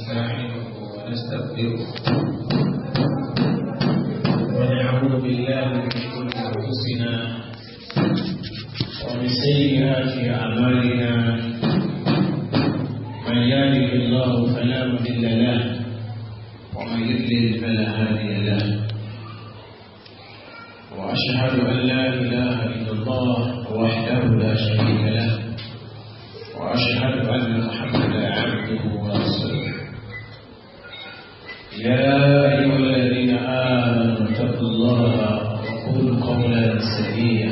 ونستغفره ونعوذ بالله من انفسنا ومن سيئات اعمالنا من الله فلا له ومن فلا هادي له واشهد ان لا اله الا الله وحده لا شريك له واشهد ان محمدا يا أيها الذين آمنوا اتقوا الله وقولوا قولا سديدا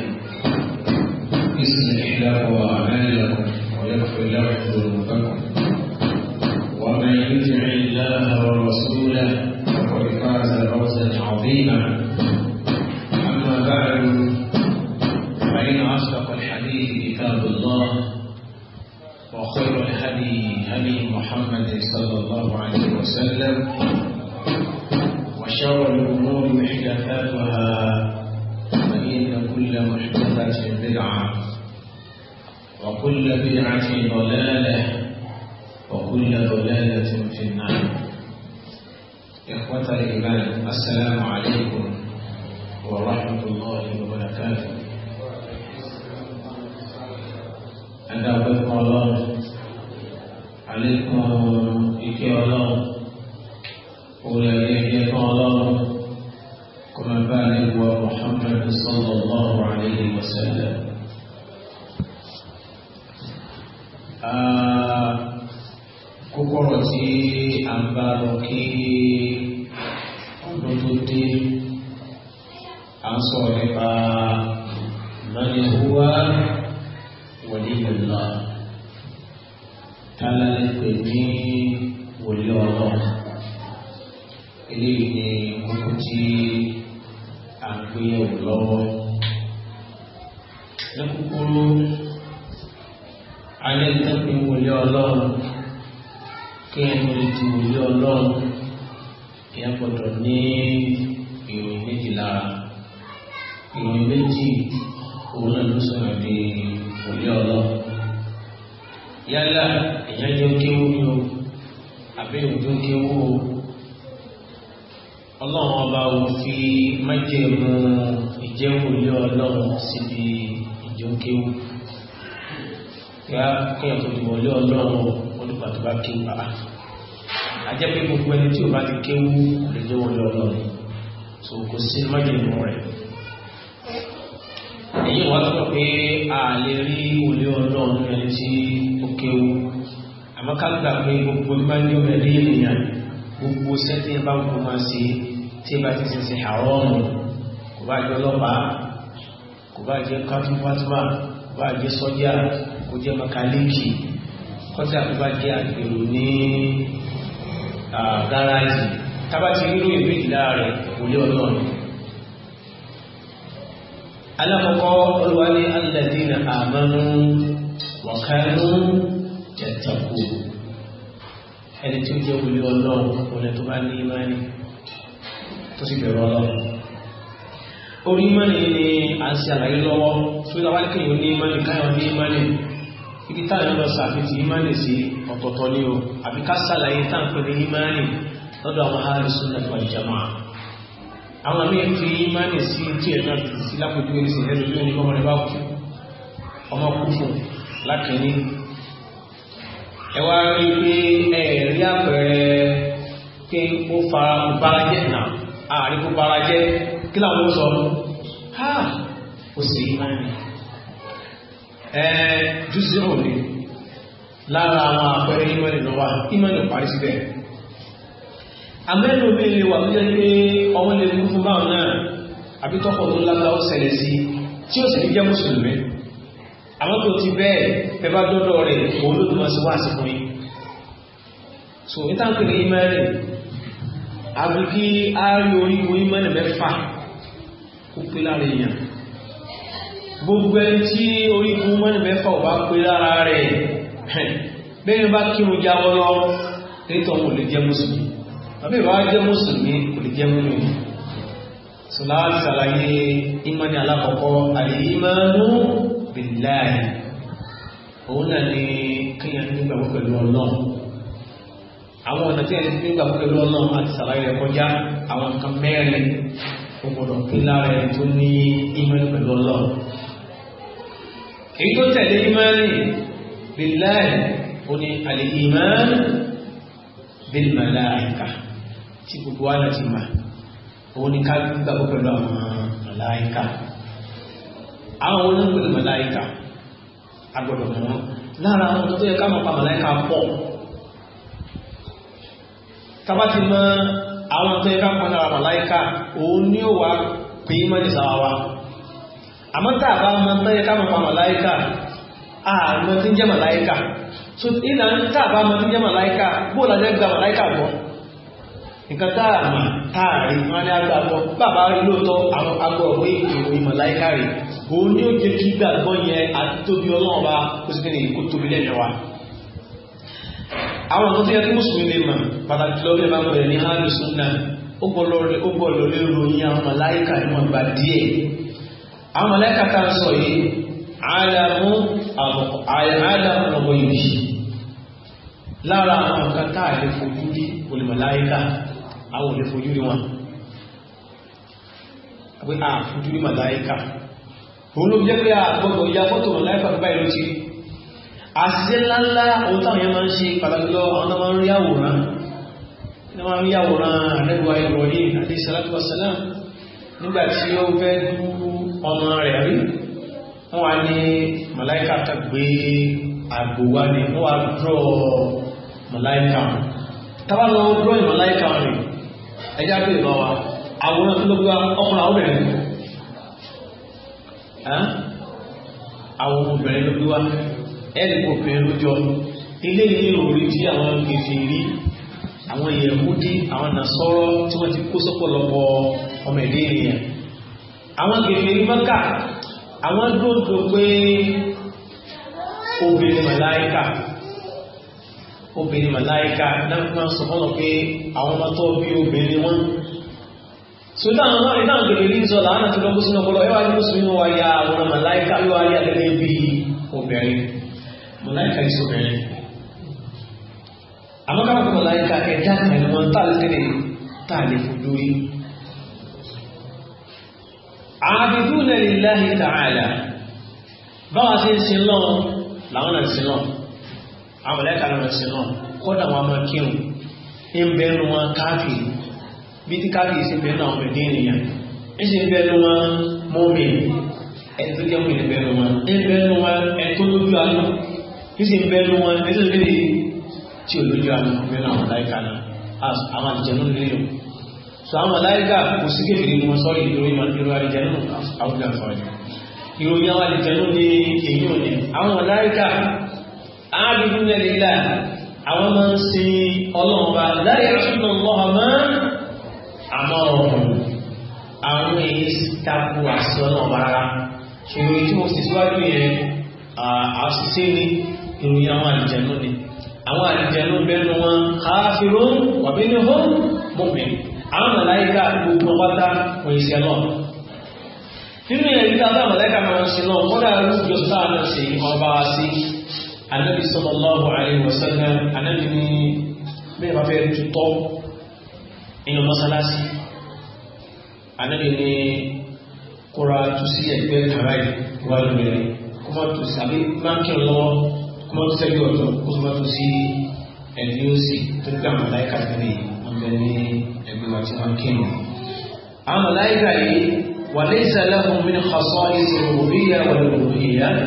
sí májèmú rẹ̀ èyí wá sọ pé a lè rí olè ọlọ́run ẹni tí ó kéwu àmọ́ ká gbà pé gbogbo máa ní ọ̀rẹ́ lé ènìyàn gbogbo sẹ́tì bá ń kó máa ṣe tí bá ti ṣe ṣe àrọ́ọ̀nù kò bá jẹ́ ọlọ́pàá kò bá jẹ́ káfí fatima kò bá jẹ́ sọ́jà kò jẹ́ makaliki kọ́tà kò bá àgbèrò ní gáràjì tábàtì rírò ìwé ìlà rẹ̀ olè ọlọ́run alákọ̀ọ́kọ́ olúwa ní alladhina amanu wa kanu yattaqu ẹni tí ó jẹ́ wòlé ọlọ́run olè tó bá ní ìmánì tó sì bẹ̀rù ọlọ́run orí ìmánì ni a ń ṣe àlàyé lọ́wọ́ tó ń tawálé kéèyàn ní ìmánì káyọ̀ ní ìmánì ibi táyọ̀ lọ sàfihàn ìmánì sí ọ̀tọ̀ọ̀tọ̀ ni o àbí ká ṣàlàyé táǹpẹ̀ ní ìmánì lọ́dọ̀ àwọn ahlus sunnah wal jamaa àwọn míì fi ìmánì sí tí ẹ̀nà sí lápòjú ẹ̀sìn ẹ̀rọ tó ní ọmọ rẹ̀ bá kú ọmọ kú fún lákìíní ẹ wá rí pé ẹ rí àpẹẹrẹ pé ó fara mú bára jẹ́ náà àárín kó bára jẹ́ kí làwọn ó sọ ha ó sì ìmánì ẹ jù sí òní lára àwọn àpẹẹrẹ ìmánì lọ́wọ́ imani parí síbẹ̀ àmẹ́lò mi lè wà tó jẹ́ pé ọmọ lè mú fún báwọn náà àbí tọ́pọ̀ tó lágbà ó ṣẹlẹ̀ sí tí ó sì ní jẹ́ mùsùlùmí àwọn ti bẹ́ẹ̀ ẹ dọ́dọ̀ rẹ̀ òun sí wá sí so ní táǹkì ní ìmẹ́rin àbí kí á rí orí wo ìmẹ́rin mẹ́fà kó pé lára èèyàn gbogbo ẹni tí orí wo ìmẹ́rin mẹ́fà jáwọ́ lọ nítorí òun lè jẹ́ mùsùlùmí àbí ìwà jẹ́ mùsùlùmí kò lè jẹ́ múmi sọlá ṣàlàyé ìmánì alákọ̀ọ́kọ́ àlèyímánú bìláì òun náà ni kíyàn nígbàgbọ́ pẹ̀lú ọlọ́run àwọn ọ̀nà tí ẹni nígbàgbọ́ pẹ̀lú ọlọ́run àti ṣàlàyé rẹ̀ kọjá àwọn nǹkan mẹ́rin ó gbọ́dọ̀ pé lára ẹni tó ní ìmánì pẹ̀lú ọlọ́run èyí tó tẹ̀lé ìmánì bìláì ó ní àlèyímánú bìl màláíkà tí gbogbo wa láti mà òun ni ká gbàgbọ́ pẹ̀lú àwọn màláìka àwọn onígbèrè màláìka agbọ́dọ̀ mọ̀ wọn lára àwọn tó yẹ ká mọ̀ pa màláìka pọ̀ tabati mọ àwọn tó yẹ ká mọ̀ lára màláìka òun ni ó wà pé mọ́ ní sára wa àmọ́ tá a bá mọ̀ tó yẹ ká mọ̀ pa màláìka àmọ́ tí ń jẹ́ màláìka ìlànà tá a bá mọ̀ tí ń jẹ́ màláìka bó la jẹ́ gba màláìka gbọ́ nǹkan tá a mà tá a rí wọn ní agbàgbọ́ bàbá rí lóòótọ́ àwọn agbọ̀wé ìròyìn màláìka rí òun ni ó jẹ́ kí gbàgbọ́ yẹn àti tóbi ọlọ́run bá ó sì kéde kó tóbi lẹ́nu wa. àwọn tó ti yẹ kí mùsùlùmí lè mọ̀ pàtàkì lọ́wọ́ lè máa bẹ̀rẹ̀ ní hálù súnà ó gbọ́dọ̀ lè ròyìn àwọn màláìka ní wọn gbà díẹ̀. àwọn màláìka tá sọ yìí àdàmú àwọn kan tá a lè fojú rí olùmọ̀láìka àwọn olè fojú rí wọn pé a ah, fojú rí màláíkà òun ló jẹ́ pé àgbọ̀dọ̀ ya fọ́tò màláíkà bá ìlú ti àṣìṣe ńláńlá ohun táwọn yẹn máa ń ṣe pàtàkì lọ àwọn máa ń rí àwòrán ní wọ́n rí àwòrán àrẹ́wà ìrọ̀lẹ́ àti ìṣàlátù wasalam nígbà tí wọ́n wá ní màláíkà tàgbé àgbò wá ní wọ́n wá rẹ̀ ẹjá pé ìbá wa àwòrán tó lọ́gbà ọkùnrin àwọn obìnrin àwọn obìnrin ló gbé wá ẹnì kò fẹ́ lójọ ilé yìí ò rí tí àwọn gbèsè rí àwọn yẹ̀húdí àwọn nàṣọ́rọ́ tí wọ́n ti kó sọ́pọ̀lọpọ̀ ọmọ ẹ̀dẹ́ ènìyàn àwọn gbèsè rí mọ́kà àwọn dúró tó pé obìnrin màláìkà obìnrin màláìka náà sọ fọ́nà pé àwọn ọmọ tó bí obìnrin wọn so náà wọn ní náà gbèrè ní sọlá àwọn àti lọ́gbọ́sí náà gbọ́dọ̀ ẹwà nínú sínú wa ya àwọn màláìka yóò wá yà gẹ́gẹ́ bí obìnrin màláìka yìí sọbìnrin àmọ́ káwọn kọ́ màláìka ẹ̀dá kan ni wọ́n tà lẹ́tẹ̀lẹ̀ tà lè fojú rí àbìdúnà lillahi ta'ala báwa ṣe ń sin lọ́n làwọn náà ń sin lọ́n àwọn ẹ̀ka lọ́rọ̀ sí náà kọ́dà wọn máa kírun ń bẹnu wọn káàkiri bí tí káàkiri sí bẹnu àwọn ẹ̀dín ènìyàn ń sì bẹnu wọn mọ́mì ẹni tó jẹ́ mú ìlú bẹnu wọn ń bẹnu wọn ẹni tó lójú àná ń so àwọn aláìgá kò sí kéfèrè ní wọn sọ́rọ̀ ìròyìn ma ìrò àjẹnú àwùjọ àfọ́jọ ìròyìn àwọn àjẹnú ní èyí ò àwọn aláìgá ábìdú nílẹ̀ àwọn máa ń sin ọlọ́run bá láyé àtúntò lọ́wọ́ máa àmọ́ ọ̀hún àwọn èyí tako àṣọ náà rárá ṣùgbọ́n tí mo sì síwájú yẹn àṣìṣe ni ìròyìn àwọn àlìjẹ̀nú ni àwọn àlìjẹ̀nú bẹ́nu wọn káfíró wàbí ní hó mọ̀mìn àwọn màláìka gbogbo pátá wọ̀ ìṣẹ́ náà nínú ìyẹn àwọn màláìka máa ń sin náà wọ́n dà lójú náà sí ọba sí anabi sallallahu alayhi wa sallam anabi ní bẹ́ẹ̀ bá fẹ́ tutọ́ inú mọ́sálásí anabi ní kóra tu sí ẹgbẹ́ kàrá yìí wà lómìnirin kó má tu sí àbí má kí ọ lọ́wọ́ kó má tu sẹ́gbẹ́ ọ̀tọ̀ kó má tu sí ẹni ó tó gbà màláìka níbi ọmọ ní ẹgbẹ́ wa tí wọ́n kí àwọn màláìka yìí wà ní ìsàlẹ̀ ọmọ mi ní xasọ́ ìṣòro òbí yà wà lómìnirin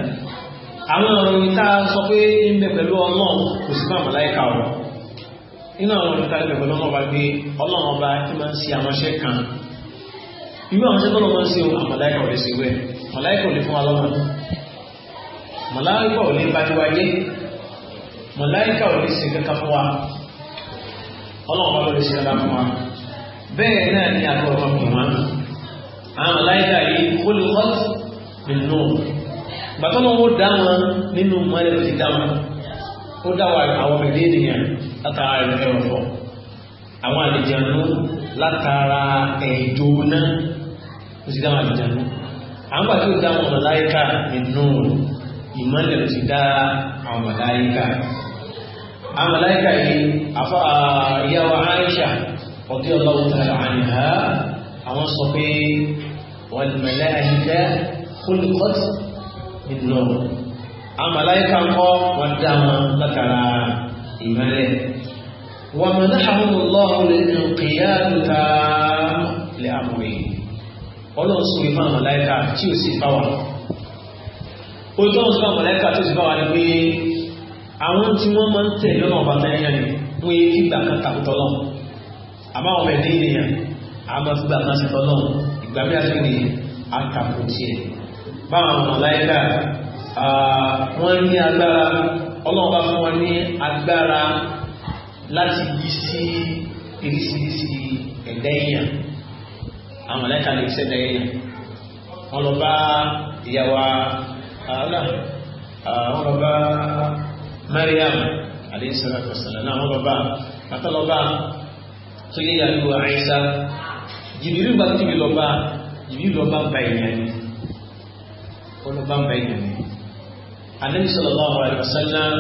àwọn ìròyìn tá a sọ pé ń bẹ pẹ̀lú ọlọ́run kò sí fún àmàláìka ọ̀rọ̀ nínú àwọn ìròyìn tá a bẹ pẹ̀lú ọlọ́run ọba gbé ọlọ́run ọba tí máa ń ṣe àwọn iṣẹ́ kan irú àwọn iṣẹ́ tó lọ́wọ́ ń ṣe òun àmàláìka ò lè ṣe wẹ̀ màláìka ò lè fún wa lọ́nà màláìka ò lè bá ti wáyé màláìka ò lè ṣe kankan fún wa ọlọ́run ọba ló lè ṣe ẹ̀dá fún wa bẹ́ẹ̀ gbàtọ́lọ́ wọn dá wọn nínú mọ́lẹ̀ ti dá wọn ó dá wọn àwọn ọmọdé ènìyàn látara ẹ̀rọ̀fọ̀ àwọn àlejànú látara ẹ̀jọ́ náà ó ti dá wọn àlejànú àwọn gbàtí ó dá wọn màláíkà nínú ìmọ́lẹ̀ ti dá àwọn màláíkà àwọn màláíkà yìí afọ ìyàwó Aisha ọdí ọlọ́wọ́ nínú àmàláyíká kọ́ wọ́n dá wọn látara ìmọ̀lẹ̀ wọ́n mọ̀ náà àwọn ọlọ́run nínú kìyàtù ta lè àmúrí ọlọ́run sọ ìmọ̀ àmàláyíká tí ó sì bá wà ó tó ń sọ àmàláyíká tó sì bá wà ní àwọn tí wọ́n máa ń tẹ̀ lọ́nà ọba náírà ni wọ́n yé fígbà kan takùtọ̀ lọ́wọ́ àmọ́ àwọn ẹ̀dẹ́ ènìyàn àmọ́ fígbà kan sí tọ́lọ́wọ́ ìgbà mẹ́ta ni àtàkùn tiẹ̀ báwọn mọ̀láíkà wọ́n ní agbára ọlọ́run bá fún wọn ní agbára láti yí sí irisirisi ẹ̀dá èèyàn àwọn mọ̀láíkà lè ṣẹ̀dá èèyàn wọ́n lọ bá ìyàwó àlà wọ́n lọ bá Mariam alayhi salatu wassalam náà wọ́n lọ tó yẹ yàrá àìsà jìbìrì bá tìbí jìbìrì lọ́ba bá olùbámu ẹ̀yàn ni anabi sallallahu alaihi wasallam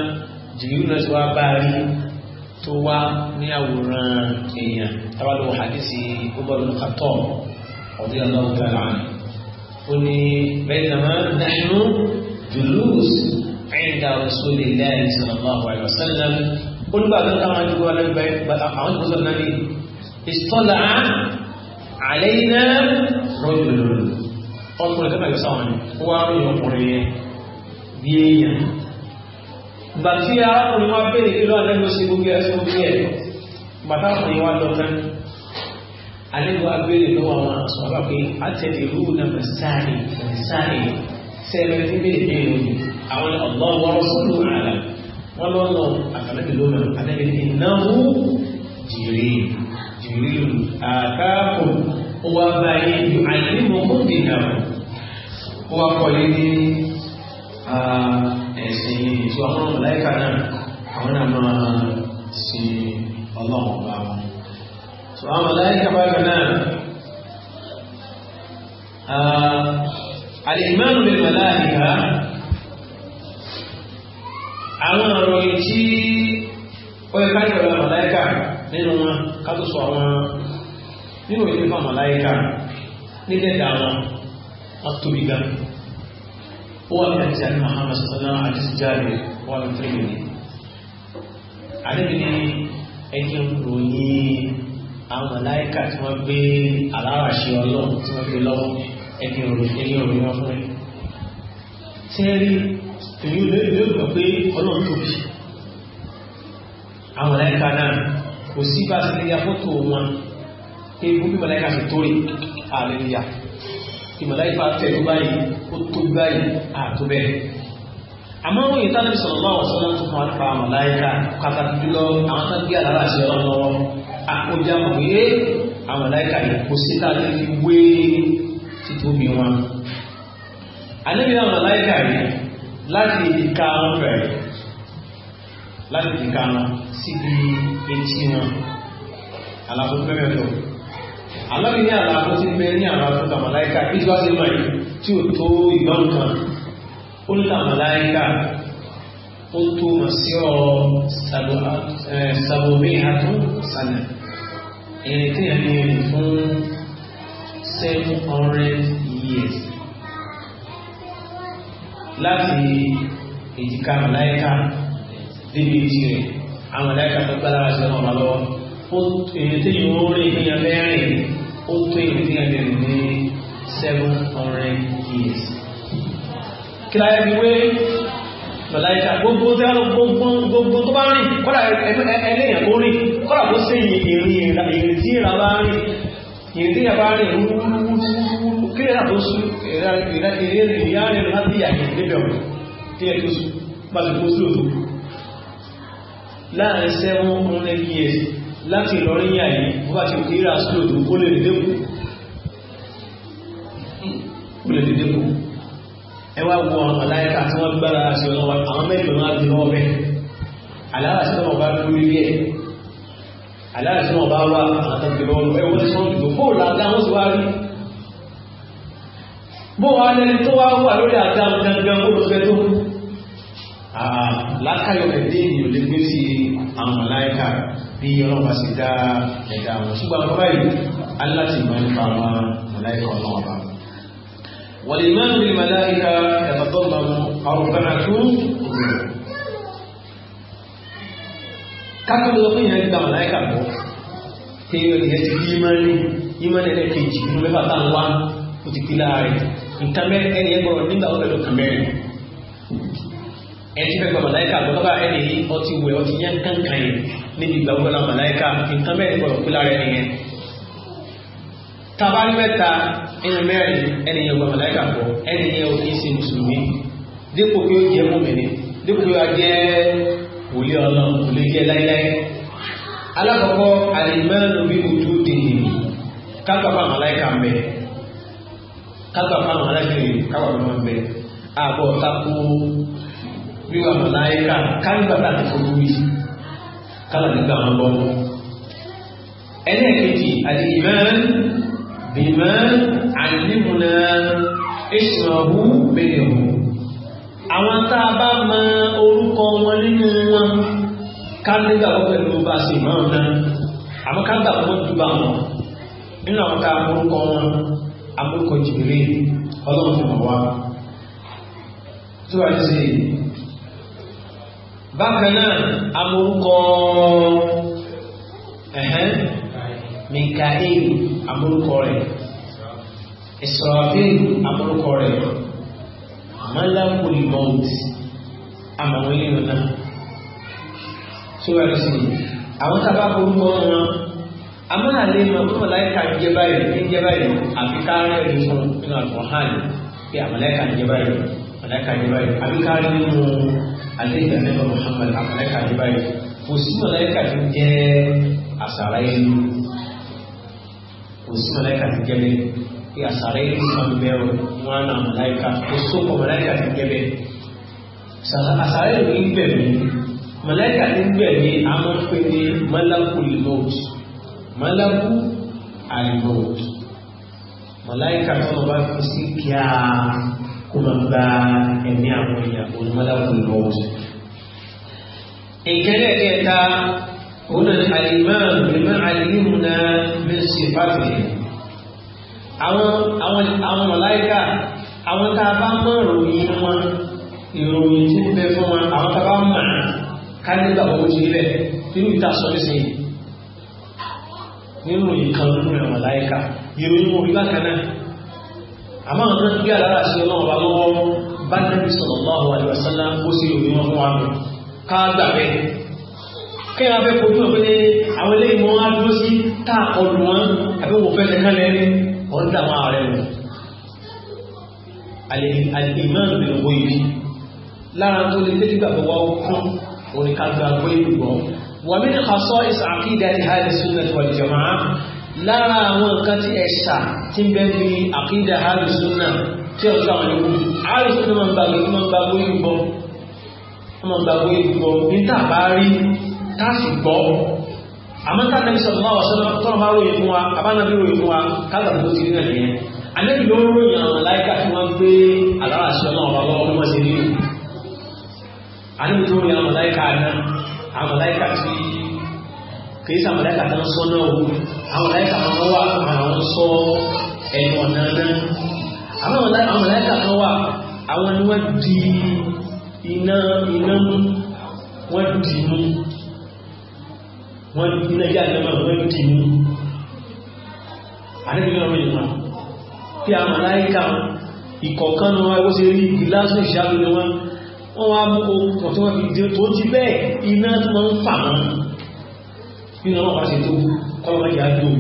jìbìrì náà ti wá bá a rí tó wá ní àwòrán èèyàn tábàlù hadisi gbọ́dọ̀ ní kàtọ ọdún yàrá náà tó àlà ó ní baynama nahnu julus inda rasulillahi sallallahu alaihi wasallam olùbàdàn táwọn àdúgbò alágbàá àwọn ìgbésọ̀ náà ni istala alaina rajulun ọkùnrin tẹ́lẹ̀ yọ sáwọn ni ó wá rí ọkùnrin yẹn bí èèyàn gbà tí arákùnrin wa béèrè kí ló àlejò ṣe gbogbo ẹsẹ̀ gbogbo ẹ̀ bàtà ọkùnrin wa lọ tán àlejò wa béèrè lọ́wọ́ àwọn àṣọ àbápé àtẹ̀lé ìlú nàmà sáàrì sáàrì sẹ́ẹ̀rẹ́ tí béèrè béèrè òní àwọn ọ̀gbọ́n wọn sọ́dún àlà wọn lọ́ lọ àfẹ́lẹ́bí ló mẹ́rin ìnáwó ó wá kọ́lé ní ẹ̀sìn ètò àwọn màláíkà náà àwọn náà máa sin ọlọ́run bá wọn. tó àwọn màláíkà bákan náà àlèmánù lè màláíkà àwọn ìròyìn tí ó yẹ káyọ̀ lọ màláíkà nínú wọn ká tó sọ àwọn nínú ìdífà màláíkà nílẹ̀ dà wọn wọ́n tóbi gan ó wà ní àti àní Muhammad sallallahu alaihi wasallam àti jáde wà ní fẹ́lẹ̀ ni àdébí ni ẹjẹ ń ròyìn àwọn màláíkà tí wọ́n gbé aláràṣẹ ọlọ́run tí wọ́n gbé lọ́wọ́ ẹjẹ ròyìn ròyìn wọn fún ẹ tẹ́rí èyí ló gbà pé ọlọ́run tóbi àwọn màláíkà náà kò sí bá a ti lè ya fọ́tò wọn pé gbogbo màláíkà fi tó rí àlè ya ìmọ̀láìfà tẹ̀lú báyìí ó tó báyìí àtó bẹ́ẹ̀. àmọ́ òye tá a lè sọ̀rọ̀ lọ́wọ́ sọ́nà tó fún wa nípa àmọ̀láìkà pàtàkì jùlọ àwọn tó gbé àlàrà sí ọ̀rọ̀ lọ́wọ́ àkójá mọ̀ pé àmọ̀láìkà yìí kò sí tá a lè fi wé títóbi wọn. àníbi àmọ̀láìkà yìí láti ìka wọn bẹ̀rẹ̀ láti ìka wọn síbi etí wọn àlàfo pẹ́pẹ́ tó àlọ́bí ní àlàfo ti bẹ ní àlàfo tàmàláìkà bí tí wá sí mọ̀ yìí tí ó tó ìgbọ́n kan ó ní tàmàláìkà ó tó mọ̀ sí ọ sàbòmí àtún sànà ẹni tí a ẹni fún seven hundred years láti èjìká màláìkà débi tirẹ̀ àwọn màláìkà tó gbára sí ọmọ lọ́wọ́ ó èyí tí yóò rí ìpínyà mẹ́rin ó tó èyí tí a lè ní seven hundred years. kílá ẹni wé mọ̀láìka gbogbo tí a lọ gbogbo gbogbo tó bá rìn kọ́dà ẹlẹ́yìn kó rìn kọ́dà kó sí ìrìn ìrìn tí ìrìn bá rìn ìrìn tí ìrìn bá rìn wúwúwúwú kí lè dàbó sún ìrìn ìyá rìn láti yàgì níbẹ̀ wọ̀ kí lè tó sún bá ti kó sí òtò láàrin seven hundred years láti ìlọrin yà yìí wọ́n bá ti kí rà slow tó kó lè dédékù kó hmm, lè dédékù ẹ wá wọ ọ̀láyẹ́ká tí wọ́n gbára sí ọ̀nà wa àwọn mẹ́rin máa di lọ́wọ́ bẹ́ẹ̀ aláàrá sí ọmọ bá lórí rí ẹ̀ aláàrá sí ọmọ bá wà àtàkì lọ́wọ́ ẹ wọ́n sọ ìdò fóònù àdá wọ́n sì wá rí bó wà lẹ́ni tó wá wà lórí àdá gangan ó lọ fẹ́ tó lákàyọ̀ ẹ̀dẹ́ ènìyàn lè àwọn màláíkà bí ọlọ́run bá ṣe dá ẹ̀dá wọn ṣùgbọ́n àwọn báyìí aláti mọ̀ nípa àwọn màláíkà ọlọ́run ọba والإيمان بالملائكة يتضمن أربعة أمور kákòlò ọkùnrin yẹn gba màláìkà bọ̀ tí èèyàn yẹn ti rí ìmọ̀lẹ́ ìmọ̀lẹ́ ẹlẹ́kejì nínú mẹ́fà tá à ń wá ó ti pín láàárẹ̀ ẹni ẹgbọ́n nígbà ó bẹ̀rẹ̀ nǹkan ẹtí fẹ́ gba màláìka lọ́gbà ẹni yìí ọtí wẹ̀ ọtí yẹn kankan yìí níbi ìgbà wọlé màláìka nǹkan mẹ́rin gbọ́dọ̀ pé lára ẹni yẹn. tabali mẹ́ta ẹni mẹ́rin ẹni yẹn gba màláìka pọ̀ ẹni yẹn ò kìí ṣe mùsùlùmí dípò pé ó jẹ́ mọ́mìnì dípò pé ó jẹ́ wòlé ọlọ́ wòlé jẹ́ láíláí. alákọ̀ọ́kọ́ àlìmọ́nù bí ojú dèyí kápá màláìka mẹ́ kápá màláìka mẹ́ wíwà na kálígbàtà ti fojú rí kálà nígbà wọn bọ́ ẹlẹ́ẹ̀kejì àdìgbìmọ́n bìmọ́n àdìmúnà a na mọ orúkọ wọn nínú wọn kálígbà wọn pẹ̀lú bá sì wọn dúbà wọn nínú àwọn tá a ọlọ́run ti bákan náà amorúkọ mikael amorúkọ rẹ̀ israfil amorúkọ rẹ̀ malakul maut amàwọn ilé náà tó wà lọ́sìn àwọn tábà orúkọ wọn a máa lè mọ pé mọ̀láìka ń jẹ báyìí ń jẹ báyìí àfi káàárẹ̀ lè fún nínú àtúnhàn pé àmọ̀láìka ń jẹ báyìí mọ̀láìka ń jẹ báyìí àdéhùn ẹ̀nẹ́bà Muhammad amẹ́ka ní báyìí kò sí mọ̀láyíkà tó jẹ́ àṣàrà ìlú kò sí mọ̀láyíkà tó jẹ́ bẹ́ẹ̀ pé àṣàrà ìlú kan bẹ́ẹ̀ wọn náà mọ̀láyíkà kò sókò mọ̀láyíkà tó jẹ́ bẹ́ẹ̀ àṣàrà ìlú ń gbẹ̀mí mọ̀láyíkà tó ń gbẹ̀mí a máa ní mọ́lákù limote mọ́lákù àlimote mọ̀láyíkà tó lọ bá fi sí kíá kó máa gba ẹ̀mí àwọn èèyàn olùmọ́láwọ̀ lọ́wọ́. ìkẹ́lẹ̀ kẹta òun náà àlìmáà mímọ́ àlìmú náà bí sì fàfẹ́. àwọn àwọn àwọn mọ̀láìkà àwọn tá a bá mọ̀ ìròyìn wọn ìròyìn tí ń bẹ fún wọn àwọn tá a bá mọ̀ ká nígbà wọn ti rí bẹ́ẹ̀ nínú ìta sọ nísìnyí nínú ìkànnì ìròyìn ìròyìn wọn ìbákan náà àmọ́ àwọn tó gbé alára sí ọlọ́run ọba lọ́wọ́ bá nẹ́bí sọ̀rọ̀ mọ́ àwọn àlùbọ̀sánná ó sì òbí wọn fún wa lọ ká gbà bẹ́ẹ̀ kí wọn fẹ́ kojú ọ̀pẹ́ ní àwọn eléyìí wọn á dúró sí tá àkọlù wọn àbí wọn fẹ́ lẹ́kàn lẹ́rí wọn dà ààrẹ wọn. àlèmọ́ọ̀nù bẹ̀rẹ̀ wọ ibi lára tó lè tẹ́lẹ̀ gbàgbọ́ wa kún òní ká gbàgbọ́ ìlú gbọ́ wàmí ni kà lára àwọn nǹkan tí ẹ̀ṣà ti ń bẹ́ bí àkídà àrùsúnà tí ọ̀ṣọ́ àwọn ẹ̀kú àrùsúnà máa ń gbàgbé máa ń gbàgbé ìbọn máa ń gbàgbé ìbọn níta bá rí táàsì gbọ́ àmọ́ tá nàbí sọ̀rọ̀ máa wọ̀sọ́nà tọ́rọ máa ròyìn fún wa àbánabi ròyìn fún wa káàkà tó ti rí náà nìyẹn àlẹ́bí ló ń ròyìn àwọn láìka tí wọ́n gbé àlàrà sí ọmọ ọ̀rọ̀ lọ́wọ́ bí wọ́n ṣe rí kìí sá mọ̀láìkà náà sọ náà wò àwọn mọ̀láìkà kan wà àwọn sọ ẹnu ọ̀nà náà àwọn mọ̀láìkà kan wà àwọn ni wọ́n di iná iná mú wọ́n di mú wọ́n iná yá iná mọ̀ wọ́n di mú àdébìnrin ọ̀rọ̀ ìmọ̀ pé àwọn mọ̀láìkà ìkọ̀ọ̀kan ni wọ́n wọ́n ṣe rí gíláàsì ìṣàlùmí wọn wọ́n wá mú okùn tí tó ti bẹ́ẹ̀ iná tí wọ́n ń fà wọ́n nínú ọlọ́pàá ṣe tó kọ́lọ́pàá yà á dùn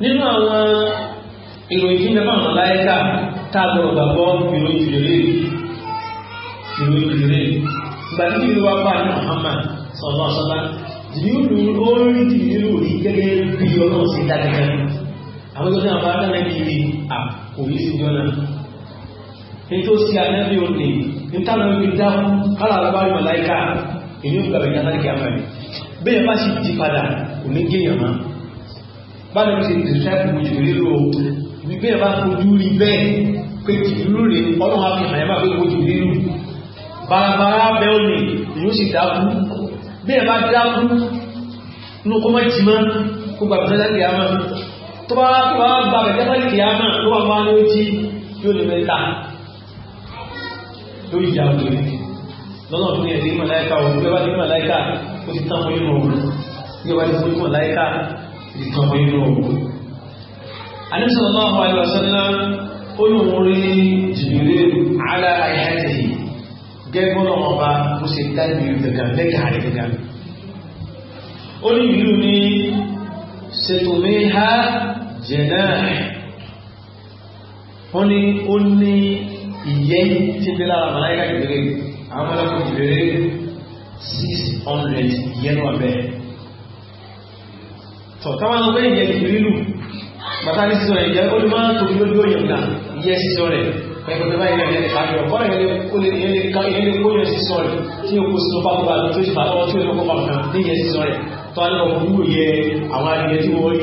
nínú àwọn ìròyìn tí mẹ́fà àwọn aláìka tá a lọ́rọ̀ gbàgbọ́ ìròyìn ìrèlè ìròyìn ìrèlè ìgbà tí ìlú wa bá ní Muhammad sallallahu alaihi wasallam jìbìlù orí jìbìlù rí gẹ́gẹ́ bí ọlọ́run sí dákẹ́kẹ́ àwọn tó ní àwọn adáná ní ibi à kò ní sí jọ́nà ní tó sí anábì òní ní táwọn ibi dáhùn kálá àlọ́bárí màláìka èmi ò gbàgbé ní aláìka àmàlẹ́ bẹ́ẹ̀ bá sì jí padà kò ní gẹ́yàn máa bá lè ṣe ìrìnṣẹ́kù jù nílò ibi bẹ́ẹ̀ bá kojú rí bẹ́ẹ̀ pé ìlú rẹ̀ ọlọ́run á fi hàn ẹ́ bá pé kojú nínú bàbára bẹ́ ò ní yóò sì dákú bẹ́ẹ̀ bá dákú ní kó mọ́ jì mọ́ kó gbà bẹ́ẹ̀ lẹ́kì á mọ́ tó bá wá gbà bẹ́ẹ̀ lẹ́kì á mọ́ ló wà wá ní ó jí yóò lè tó bá ní mọ̀láìkà ó ti tán fún inú òun bí wàá ti fún ìmọ̀ láyíká ó ti tán fún inú òun. àníṣòro náà wà lọ sọ́nà ó lù wọ́n rí jìbìrì àlà àyájẹ́ yìí gẹ́gbọ́n náà wọ́n bá ó ṣe dá ìlú gàgàn lẹ́gà rẹ̀ gàgàn. ó ní ìlú ní ṣètòmí ha jẹ̀nà ní ó ní ìyẹ́ tí ń bẹ lára màláyíká jìbìrì àwọn ọlọ́kùnrin jìbìrì six hundred ìyẹn wà bẹ́ẹ̀ tọ̀ káwọn ọgbẹ́ ìyẹn kìí lílù bàtà ní sísọ ìyẹn ó lè máa tóbi lójú òyìn náà ìyẹn sísọ rẹ̀ pẹ̀lú báyìí náà lẹ́nu kájọ kọ́ra ìyẹn lè kóyọ̀ sísọ rẹ̀ tí o kó sínú pápá lọ tó ti bá lọ́wọ́ tí o lè kó pàmò náà ní ìyẹn sísọ rẹ̀ tó á lọ gbogbo ìyẹ àwọn adìyẹ tí wọ́n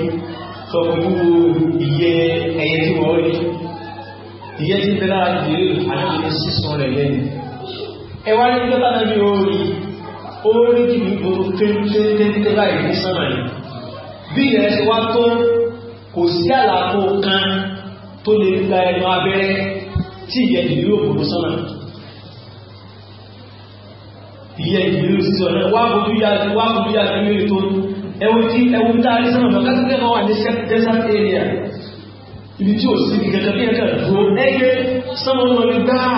rí ẹwà ní dọ́tà náà ní orí ó rí jìbì gbogbo téńtéńté báyìí ní sánmà yìí bí ilẹ̀ ṣe wá tó kò sí àlàfo kan tó lè gba ẹnu abẹ́rẹ́ tí ìyẹn jìbì yóò gbogbo sánmà ìyẹn jìbì yóò sísọ náà wá gbogbo yá wá gbogbo yá sí lórí tó ẹwù tí ẹwù tá a rí sánmà lọ kásìkẹ́ máa wà ní desert area ibi tí ò sí gẹ́gẹ́ bí ẹ̀kẹ́ dúró ẹgbẹ́ sánmà lọ gbáà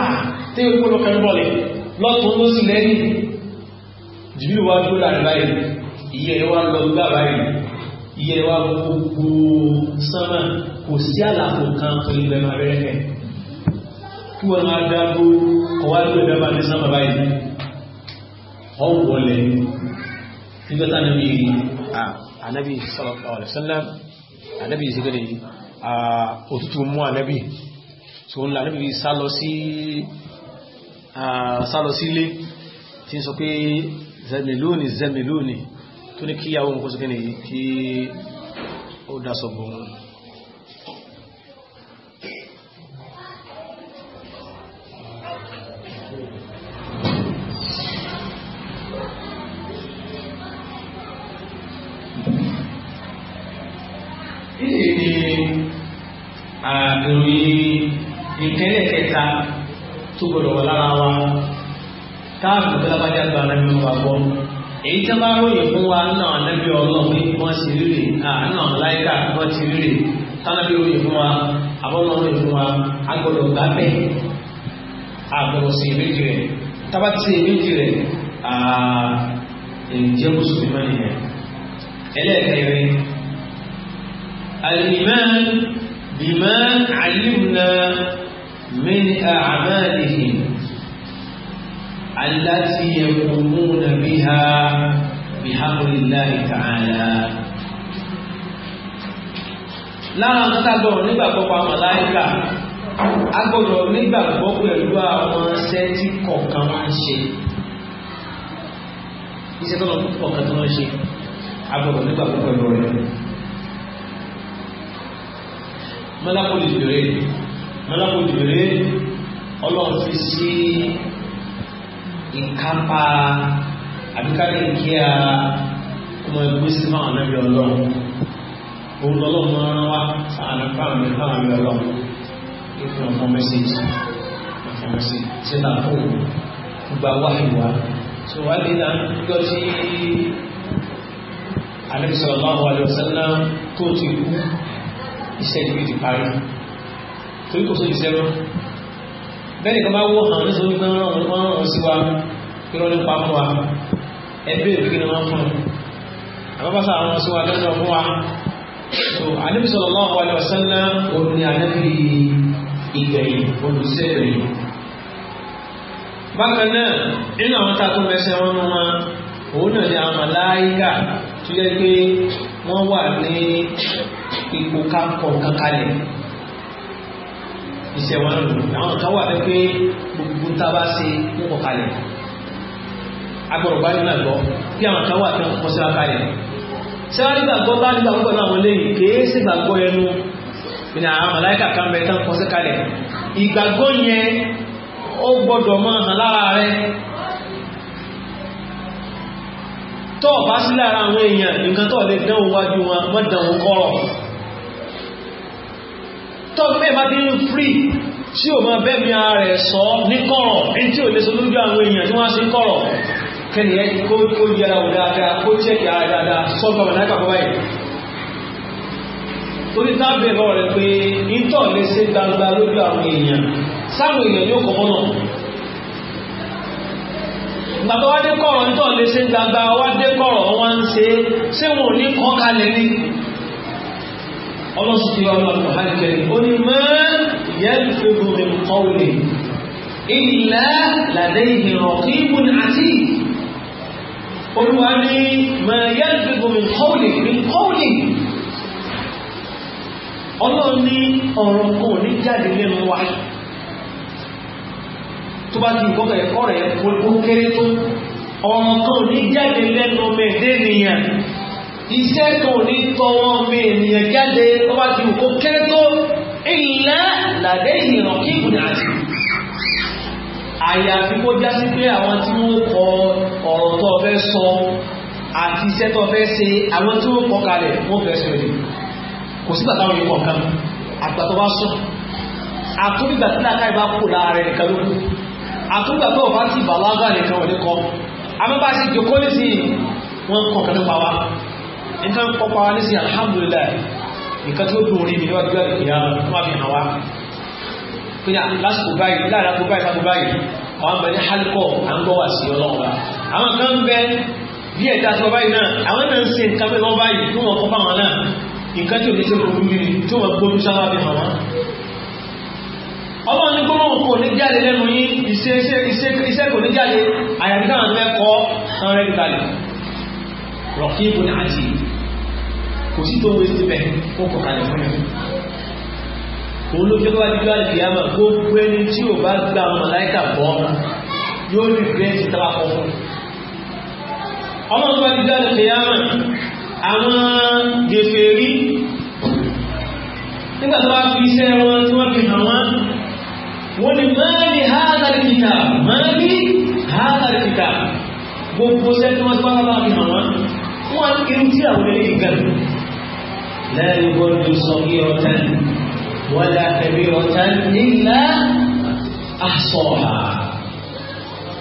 tí ó bọ́ọ̀lì lọ́tún ló sì lẹ́yìn jìbìrì wá dúró láàrin báyìí ìyẹ́ ẹ wá lọ gbà báyìí ìyẹ́ ẹ wá gbogbo sánmà kò sí àlàfo kan pẹ̀lú ẹ̀mà rẹ̀ kí wọ́n máa dábò ọwá ló ẹ̀dá bá ní sánmà báyìí ọ̀wọ̀lẹ̀ nígbà tá nàbí ànábì sallallahu alaihi wasallam ànábì ìsìnkẹ́lẹ̀ yìí òtútù mú ànábì tó ń la ànábì sálọ sí ilé tí ń sọ pé zamiluni zamiluni tó ní kí yàwó nǹkan sókè nìyí kí ó dásọ bò wọn ìròyìn ìkẹ́lẹ̀ tó gbọdọ̀ wà lára wa káàkiri tó lábájá gba anábì wọn wà gbọ́ èyí tí wọn bá ròyìn fún wa nínú àwọn anábì ọlọ́run ní wọn sì rírì àánú àwọn láyíká wọn ti rírì tánábì ròyìn fún wa àbọ̀nà ròyìn fún wa agbọ́dọ̀ gbàgbẹ́ agbọ́dọ̀ sí ìbéjì rẹ̀ tábàtì sí ìbéjì rẹ̀ ǹjẹ́ mùsùlùmí mọ́ nìyẹn ẹlẹ́ẹ̀kẹrin alìmán bìmán àlìmùnà min àmàlìhìn التي يقومون بها بحق الله تعالى lára ń sábọ̀ nígbàgbọ́ pa màláìkà a gbọ́dọ̀ nígbàgbọ́ pẹ̀lú àwọn iṣẹ́ tí kọ̀ọ̀kan máa ń ṣe iṣẹ́ tó lọ fún kọ̀ọ̀kan tó máa ń ṣe a gbọ́dọ̀ nígbàgbọ́ pẹ̀lú rẹ̀ mọ́lákòlì bèrè mọ́lákòlì bèrè ọlọ́run fi sí ìkápá àbíkálẹ̀ kí a ọmọ ẹgbẹ́ sí máa nábi ọlọ́run òun lọ́lọ́run máa rán wá sáàlùfáàmì fáàmì ọlọ́run ìfún ọ̀fọ́ mẹ́sẹ̀jì ọ̀fọ́ mẹ́sẹ̀jì tí là fún gbogbo wáhìwá tó wá lè dá yọ sí alẹ́sọ̀lọ́wọ́ alẹ́sọ̀lá tó ti kú iṣẹ́ ìgbé ti parí torí kò sóbi sẹ́wọ́n bẹ́ẹ̀ kan bá wó hàn ní sọ́dún pé wọ́n rán wọn sí wa kí wọ́n lè pa fún wa ẹgbẹ́ ìpín ni wọ́n fún un àbábásá àwọn sí wa lọ́dọ̀ fún wa so Ànábì sallallahu alaihi wasallam òní ànábì ìgbẹ̀yìn olùsẹ́rẹ̀ bákan náà nínú àwọn tá a tó mẹsẹ̀ wọn mú wọn òun náà ni àwọn màláíkà tó yẹ pé wọ́n wà ní ipò kápọ̀ kankalẹ̀ iṣẹ́ wọn lọ́nà àwọn kan wà bẹ́ẹ̀ pé gbogbo tá a bá ṣe ń kọ kalẹ̀ agbọ̀rọ̀ bá nínú àgbọ̀ kí àwọn kan wà tán kọ́ sí wa kalẹ̀ ṣé wọ́n nígbàgbọ́ bá nígbà púpọ̀ náà wọ́n léyìn kìí sí gbàgbọ́ ẹnu ìnà àwọn màláìkà kan bẹ tán kọ́ sí kalẹ̀ ìgbàgbọ́ yẹn ó gbọ́dọ̀ máa lára rẹ tọ́ọ̀ bá sí lára àwọn èèyàn nǹkan tọ́ọ̀ lè dánwò wájú wọn mọ́ dánwò kọ́rọ̀ tọ́jú bẹ́ẹ̀ bá ti ń frí tí ò máa bẹ́ẹ̀ mi ara rẹ̀ sọ ní kọ̀rọ̀ ní tí ò lè sọ lójú àwọn èèyàn tí wọ́n á sí kọ̀rọ̀ kẹ́nìyàn kó kó yẹra wò dáadáa kó chẹ́kì ara dáadáa sọ́gbà wọn láìka bọ́ báyìí torí tábìlì lọ́wọ́ rẹ̀ pé ìtọ̀ lè ṣe gbangba lójú àwọn èèyàn sáwọn èèyàn yóò kọ́ mọ́nà gbàtọ́ wá dé kọ̀rọ̀ ìtọ̀ lè ṣe gbangba wá dé kọ̀rọ̀ wọn ọlọ́sì tí wọ́n lọ́nà hàlìkẹ́rì ó ní máa yẹ́lùfẹ́gbò rẹ̀ kọ́wùlẹ̀ ilẹ̀ làdé ìhìrọ̀ kíkù àti olúwa ní máa yẹ́lùfẹ́gbò rẹ̀ kọ́wùlẹ̀ rẹ̀ kọ́wùlẹ̀ ọlọ́run ní ọ̀rọ̀ kan ò ní jáde lẹ́nu wa tó bá ti gbọ́kẹ̀ ẹ̀kọ́ rẹ̀ ó kéré tó ọ̀rọ̀ kan ò ní jáde iṣẹ́ kan ò ní tọwọ́ mi ènìyàn jáde ọba ti òkú kéré tó ìlà làdé ìrìnàn kí ìbùdó àti àyàfi kó já sí pé àwọn tí wọ́n kọ ọ̀rọ̀ tó fẹ́ sọ àti iṣẹ́ tó fẹ́ ṣe àwọn tí wọ́n kọ kalẹ̀ wọ́n fẹ́ sọ èdè kò sí bàtà òye kọ̀ọ̀kan àgbà tó bá sùn àtúndìgbà tí láàká ìbá kò láàrin nìkan ló kù àtúndìgbà tó bá ti bàlágà nìkan ò ní kọ àmọ́ bá ti jòkó nísìnyí wọ́n kọ̀ọ̀kan nípa wa nítorí pọ́pọ́ wa nísìnyí alhamdulillah nǹkan tó dùn orí mi níwájú ẹ̀rọ ìyá wọn wá fi hàn wá pé lásìkò báyìí láàrín àpò báyìí láàrín báyìí àwọn àgbẹ̀ ní hálíkọ̀ à ń gbọ́ wà sí ọlọ́run wa àwọn kan ń bẹ bí ẹ̀dá sọ báyìí náà àwọn náà ń ṣe nǹkan bẹ́ẹ̀ wọ́n báyìí tó wọ́n kọ́ bá wọn náà nǹkan tí ò ní ṣe kò ní tó wọ́n gbóyún sáwá fi hàn wọ́n. ọlọ́run ní gbólóhùn kò ní jáde lẹ́nu yín iṣẹ́ kò ní jáde àyàfi táwọn fẹ́ kọ́ àwọn rẹ̀ rọ̀fíìkù ní àti kò sí tó wé síbẹ̀ ó kọ̀ kalẹ̀ fún yẹn òun ló jẹ́kọ́ wájú láti fi àmà gbogbo ẹni tí ò bá gba àwọn màláìkà bọ́ yóò rí bẹ́ẹ̀ ti tara pọ̀ fún ọmọ tó wájú láti fi àmà àwọn gèfè rí nígbà tó wá fi iṣẹ́ wọn tí wọ́n fi hàn wọ́n wọ́n ni máa ní háàtàrí kìtà máa ní háàtàrí kìtà gbogbo sẹ́ni wọ́n ti wá sábà fi hàn wọ́n wọ́n á irú tí àwọn eré yìí gan. lẹ́yìn gbọ́dọ̀ sọ bí ọ̀tán wọ́dà ẹ̀mí ọ̀tán nílá àsọ̀hà.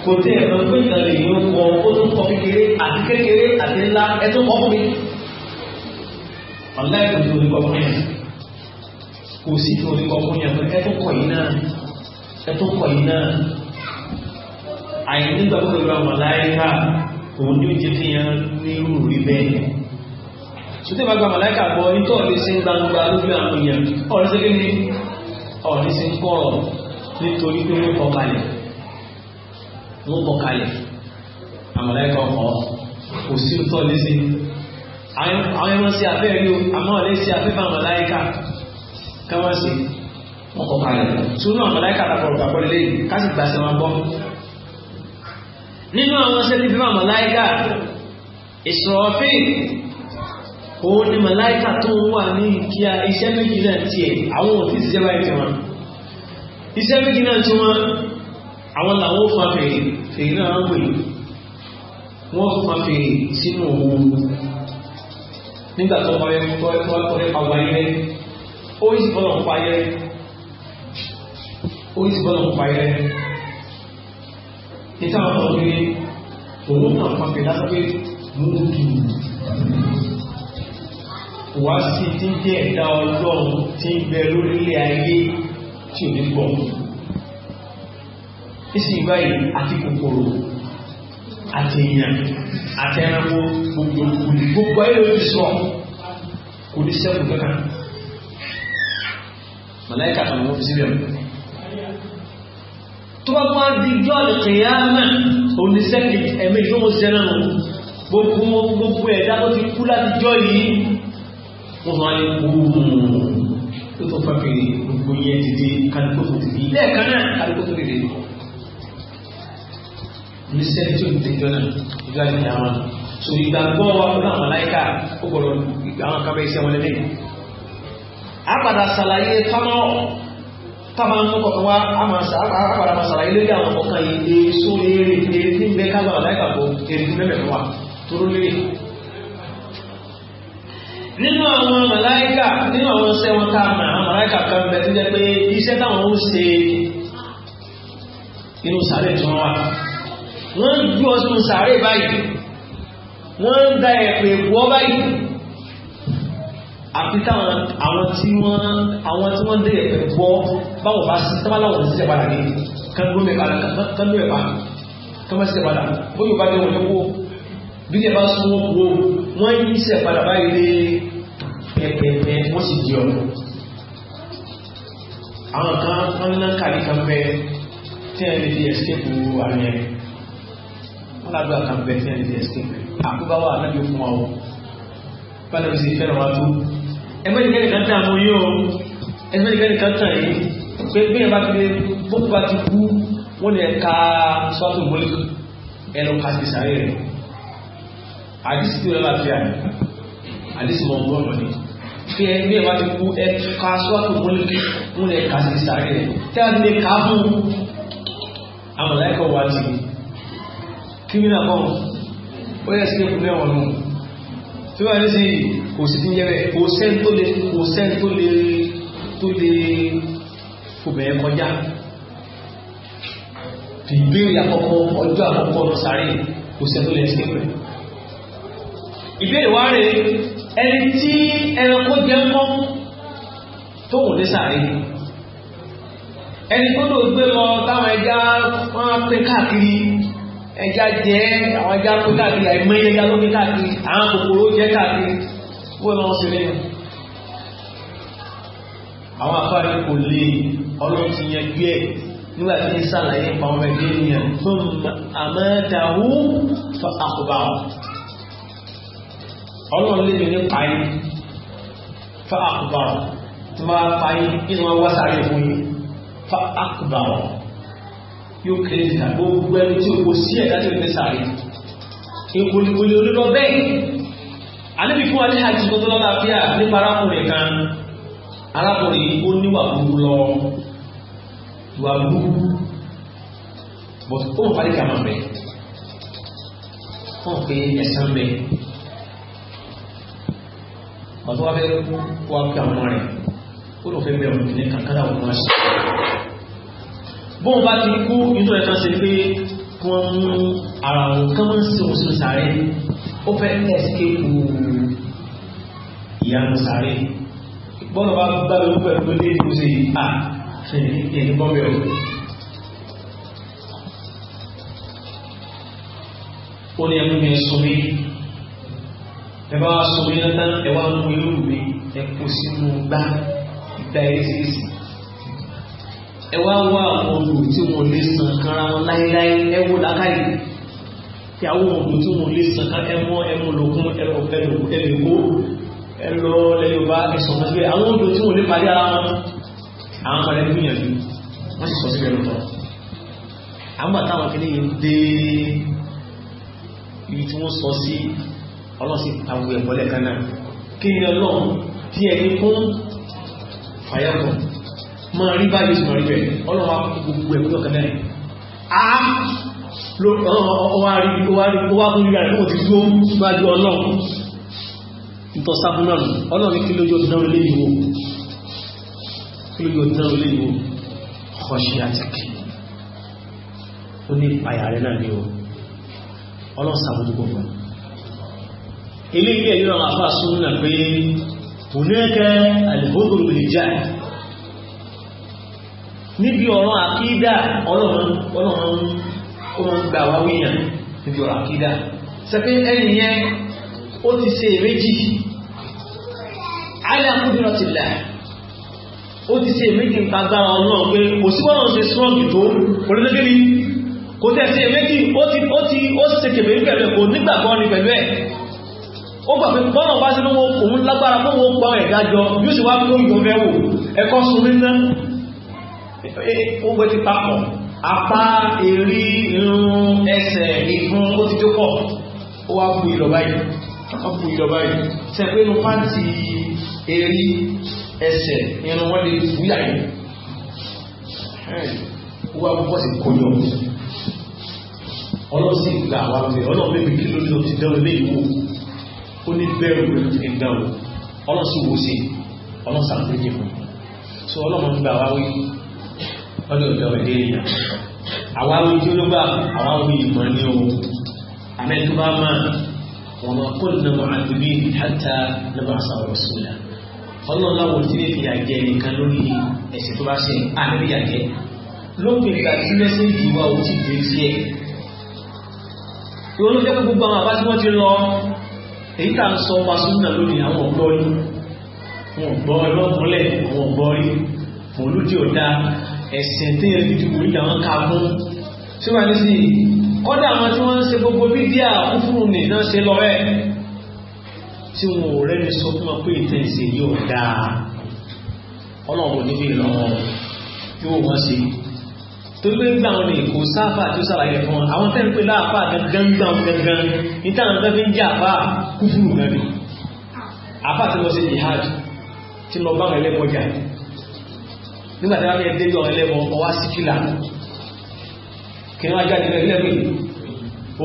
kò tẹ́ ẹ̀ mọ̀ pé ìtàn lè yọ wọ olùkọ́ kékeré àti kékeré àti ńlá ẹ̀tọ́ kọ́ fún mi. tó ní kọ́ kò sí tó ní kọ́ fún yẹn kọ̀ yìí náà ẹ̀tọ́ kọ̀ yìí náà àyè nígbà tó lè ra mọ̀ láyé òun ni ó jẹ́ kí yẹn nírú rí bẹ́ẹ̀ sótẹ́ bá gba màláìkà gbọ́ nítọ́ lè ṣe ń gbangba lójú àwọn èèyàn ọ̀rẹ́ sí kíni ọ̀rẹ́ sí ń kọ̀rọ̀ nítorí pé wọ́n kọ kalẹ̀ wọ́n kọ kalẹ̀ àmàláìkà ọkọ̀ kò sí òtọ́ lè ṣe àwọn ẹran sí abẹ́ rí o àmọ́ ọ̀rẹ́ sí abẹ́ bá màláìkà káwá sí wọ́n kọ kalẹ̀ sónú àmàláìkà àtàkọ̀rọ̀ gbàgbọ́ lélẹ́yìn ká sì gbàṣẹ́ wọn gbọ́ nínú àwọn sẹ́lífẹ́fà màláíkà Israfil òun ni màláíkà tó ń wà ní kí a iṣẹ́ méjì náà ti ẹ̀ àwọn òtí ti jẹ́bá ìtì wọn iṣẹ́ méjì náà tí wọ́n àwọn làwọn ó fa fèrè fèrè náà wọ́n pè wọ́n fa fèrè sínú òun nígbà tó wọ́n kọ́ ẹ̀kọ́ ẹ̀kọ́ wáyé ó yìí ó yìí ń pa ní táwọn náà pé òun náà kan pè lásán pé mo ń dù wá sí tí ń jẹ́ ẹ̀dá ọlọ́run tí ń bẹ lórílẹ̀ ayé tí ò ní gbọ́ nísìnyí báyìí àti kòkòrò àti èèyàn àti ẹranko gbogbo gbogbo ayé ló ti sọ kò ní sẹ́kù kankan màláìka kan ló fi sílẹ̀ mọ́ tó bá tún wá di ijọ́ àlùkìyà náà oníṣẹ́kì ẹ̀mí tó mọ̀ sẹ́nà nù gbogbo gbogbo ẹ̀dá tó ti kú láti jọ yìí wọ́n máa ń kú tó tó fàkiri gbogbo yẹn títí kálukó tó ti fi lẹ́ẹ̀kan náà kálukó tó lè dé oníṣẹ́kì tó ti jọ náà ìjọ àlùkìyà náà so ìgbàgbọ́ wa fún àwọn aláìka ó gbọ́dọ̀ àwọn akábẹ́ iṣẹ́ wọn lẹ́lẹ́yìn. a padà tábà ń mọ́kọ̀ wá àpàdà masàrà ilé dí àwọn ọkàn yìí èso eré eré ní ilé kágbàrà láìkàbọ̀ eré ní mẹ́fẹ̀ẹ́ wà toró lé nínú àwọn màláìkà nínú àwọn sẹ́wọ̀n tá a mọ̀ àwọn màláìkà kan bẹ̀ tó jẹ́ pé iṣẹ́ táwọn ń ṣe inú sàárè tí wọ́n wà wọ́n ń gbé ọsùn sàárè báyìí wọ́n ń da ẹ̀pẹ̀ wọ́ báyìí àfi táwọn àwọn tí wọ́n àwọn tí wọ́n dé ẹ̀fẹ̀ gbọ́ báwo bá sí tábà láwọn ti ṣiṣẹ́ padà ní kánlómi padà kánlómi ẹ̀fà kánlómi ṣiṣẹ́ padà bóyá o bá dé wọn ní kó bí ẹ bá sún wọn kúrò wọ́n yí ṣiṣẹ́ padà báyìí lé pẹ̀pẹ̀pẹ̀ wọ́n sì di ọ̀nà àwọn kan wọ́n ní káàdì kan bẹ tí ẹ lè di ẹ̀sìkéèpù àmì ẹ̀ wọ́n lágbà kan bẹ tí ẹ lè di ẹ̀sìkéèpù àkóbáwá àdájọ́ fún wa o bá lè fi ṣe fẹ́ràn tó ẹmẹ́rìkẹ́rì kan tàn mú yóò ẹmẹ́rìkẹ́rì kan tàn yìí pé bí ẹ bá ti lè bókù bá ti kú wọ́n lè ka sọ́tù mọ́lì ẹnu kàti sáré rẹ̀ àdísì tí ó lọ́la fi àyè àdísì mọ̀ mọ́ lọ́ni fi ẹ bí ẹ bá ti kú ẹ ka sọ́tù mọ́lì wọ́n lè kàti sáré rẹ̀ tí a lè ka fún amọ̀láìkọ̀ wá sí kí ní àbọ̀ ó yẹ sí ẹkùnrin ọ̀nà tí wọ́n ní sí kò sí ti ń yẹ́rẹ̀ kò sẹ́n tó lè kò sẹ́n tó lè tó lè fòbẹ̀ẹ́ kọjá ìbéèrè àkọ́kọ́ ọjọ́ àkọ́kọ́ lọ sáré kò sẹ́n tó lè sí rẹ̀ ìbéèrè wá rẹ̀ ẹni tí ẹranko jẹ́ mọ́ tó wù ní sáré ẹni tó lò gbé lọ táwọn ẹja wọn pín káàkiri ẹja jẹ àwọn ẹja kó káàkiri àìmọye ẹja lókè káàkiri àwọn kòkòrò jẹ káàkiri wọ́n lọ́wọ́ sí lẹ́yìn àwọn afárí kò lè ọlọ́run ti yẹn gbé ẹ̀ nígbà tí ń sàlàyé pa ọmọ ẹgbẹ́ ènìyàn fún àmọ́dàwó fún àkùbá ọlọ́run lè ní nípa yìí fún àkùbá tí wọ́n pa yìí kí wọ́n wá sáré fún yìí fún àkùbá ọ̀hún yóò kéré síta gbogbo ẹni tí kò sí ẹ̀dá tí kò fẹ́ sáré ìkòlìkòlì olólọ bẹ́ẹ̀ alẹ́bí fún alẹ́ àti ìkọ́tọ́ lọ́la fi à nípa arákùnrin kan arákùnrin ó níwà burúkú lọ ìwà burúkú bọ̀ ó ń parí kàmá bẹ́ẹ̀ fún pé ẹ̀sán bẹ́ẹ̀ ọ̀tọ́ wa fẹ́ kú wa fi àwọn rẹ̀ ó lọ fẹ́ bẹ́ẹ̀ òun ní kankan láwọn ọmọ ṣe bóun bá ti kú inú ẹ̀ kan ṣe pé wọ́n mú ara wọn kán mọ́ sí òun sí sàárẹ̀ ó fẹ́ ẹ̀sìkéèpù ìyanu sàárẹ̀ bọ́ọ̀nà bá bá lórí pẹ̀lú pé lè ló ṣe à ṣe ẹni bọ́ọ̀bẹ̀ ọ̀ ó ní ẹmú mi sọ mí ẹ bá sọ mí náà tán ẹ wá mú irú mi ẹ kó sínú gbá ìgbà ẹ̀ríṣiríṣi ẹ wá wá àwọn odò tí wọn lè sàn kanra wọn láéláé ẹ wò lákàyè tí àwọn odò tí wọn lè sàn kan ẹ mọ ẹmu lòkun ẹlò ẹlò ẹlòkó ẹlò ẹlòbá ẹsàn kan síbẹ̀ àwọn odò tí wọn lè parí ara wọn àwọn kan lè gbìyànjú wọn sì sọ síbẹ̀ lọ́tọ̀ àwọn àtàwọn kìíní yìí dé ibi tí wọn sọ sí ọlọsí àwọn ẹ̀kọ́ lẹ́ẹ̀kan náà kí ni Ọlọ́run tí ẹni fún fàyàkùn mọ̀ rí bá yóò sì mọ̀ rí bẹ̀ ọlọ́run wá gbogbo ẹ̀ gbogbo kẹfẹ́ a ló wá rí wá rí rẹ̀ lóò ti tó síwájú ọlọ́run ìtọ́ sábúnà nù ọlọ́run kí lójú ọdún náà léyìn wò kí lójú ọdún náà léyìn wò kọ́ṣe àtìkì ó ní ìpayà rẹ̀ náà ní o ọlọ́run sábúnà gbogbo ilé ilé ìlú àwọn afáàsúnà pé kò ní ẹ̀kẹ́ àlùfóògùn ìjà níbi ọ̀rọ̀ àkídà ọlọ́run gbà wá wíyàn níbi ọ̀rọ̀ àkídà sẹ́pẹ́ ẹni yẹn ó ti ṣe méjì alákùnrinlọ́tìlá ó ti ṣe méjì ń tagbá ọlọ́run pé kò sí wọ́n ṣe strong tó olóògbé kò tẹ́ ṣe méjì ó ti ó ti ó ti ṣe kèbè pẹ̀lú kò nígbàgbọ́ ni pẹ̀lú ẹ̀ ó gbà pé bọ́nà bá sí lówó òun lágbára fún òun pọ̀ ẹ̀dájọ yóò sì wá fún ìgbọ̀nfẹ́ wò ẹ̀kọ́ sunrin náà oúnjẹ ti papọ̀ apá èrí irun ẹsẹ̀ ìfún ó ti jókọ̀ ó wá bu ìlọ báyìí ó bu ìlọ báyìí sẹ́pẹ́ inú pàǹtì èrí ẹsẹ̀ irun wọ́n lè wúyà yìí ó wá bọ́ sí kọjọ ọlọ́sì ìgbà wà pé ọlọ́run mẹ́bí kí ló ló ti dánwò lé ìwò ó ní bẹ́ẹ̀rù rẹ̀ ti dánwò ọlọ́sì wò sí ọlọ́sàn tó jẹ fún so ọlọ́run gbà wá wí ọdún ọ̀dọ̀ ọ̀dẹ́ èèyàn àwa wí tí ó ló bá àwa wí ìmọ̀ ní o àmẹ́tí bá máa wọ́n máa kó lè mọ̀ àdúgbò ìdáta lọ́wọ́ àṣàwọ̀ ìṣúná ọlọ́run láwọn tí lè fìyà jẹ nìkan lórí ẹ̀sìn tó bá ṣe àmì yàjẹ́ lópin ìgbà tí mẹ́sẹ̀jì wa ò ti dé sí ẹ̀ ìwọ́n ló jẹ́ gbogbo àwọn àbá tí wọ́n ti lọ èyí tà ń sọ pàṣúnà lónìí àwọn ọ̀gbọ́rí wọn ọ̀gbọ́ ọlọ́kùnlẹ̀ wọn ọ̀gbọ́rí òun lójú ọ̀dá ẹ̀sẹ̀ tí yẹn fi dìbò ìdá wọn ká fún síwá ní sí kọ́dà àwọn tí wọ́n ń ṣe gbogbo bídíà fúnfún ní náà ṣe lọ rẹ̀ tí wọn ò rẹ́ni sọ fún wọn pé ìtàn ìsìn yóò dáa ọlọ́run níbi ìlọ́wọ́ yóò wọ́n ṣe torí pé gbà wọn ni kò sáfà tí ó ṣàlàyé fún wọn àwọn tẹ́lẹ̀ pé láàfà gangan gbà wọn gangan ní táwọn tẹ́lẹ̀ ń jẹ́ àfà kúfùrù náà ni àfà tí lọ sí jihad tí lọ bá wọn ẹlẹ́kọjá yìí nígbà tí wọ́n fẹ́ déjọ́ ẹlẹ́bọ̀ ọwá sí kílà kí wọ́n jáde rẹ̀ lẹ́bí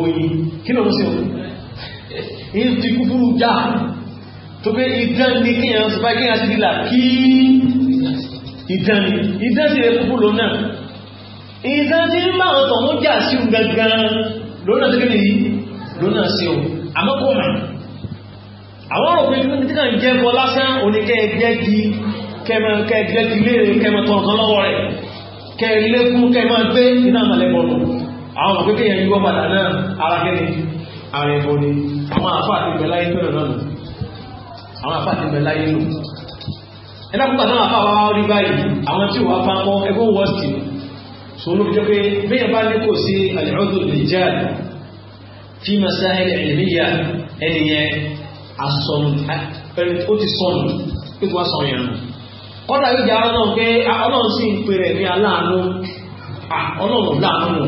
oyin kí ló ń ṣe òun èyí ti kú fúrú já tó pé ìdán ní kí èèyàn sọpá kí èèyàn sí kílà kí ìdán ní ìdán sí rẹ̀ kúkú lónà ìdán tí ń bá àwọn tọ̀hún jà sí òun gangan lónà tó kéde yìí lónà sí òun àmọ́kùnrin àwọn òpin tí kàn jẹ́ bọ́ lásán oníkẹ́ ẹgbẹ́ kí kẹmọ kẹgbẹ́ ti lé rẹ̀ kẹmọ tọ̀nkan lọ́wọ́ rẹ̀ kẹrìnlẹ́kún kẹmọ gbé iná mọ̀lẹ́bọ̀nù àwọn àpẹẹkẹ yẹn yíwọ́ padà náà ara kẹ́ni ara ẹ̀bọ̀ ni àwọn àfà àti ìbẹ̀lá yìí tó náà àwọn àfà àti ìbẹ̀lá yìí lò ẹ̀dá púpà náà àfà wa rí báyìí àwọn tí wàá fa kọ́ ẹgbẹ́ wọ́ọ̀sì sọ ló fi jẹ́ pé ó ti sọ̀nù pé kí kọ́dà yóò jẹ́ ọlọ́run pé ọlọ́run sì ń pè rẹ̀ ní aláàánú ọlọ́run láàánú nù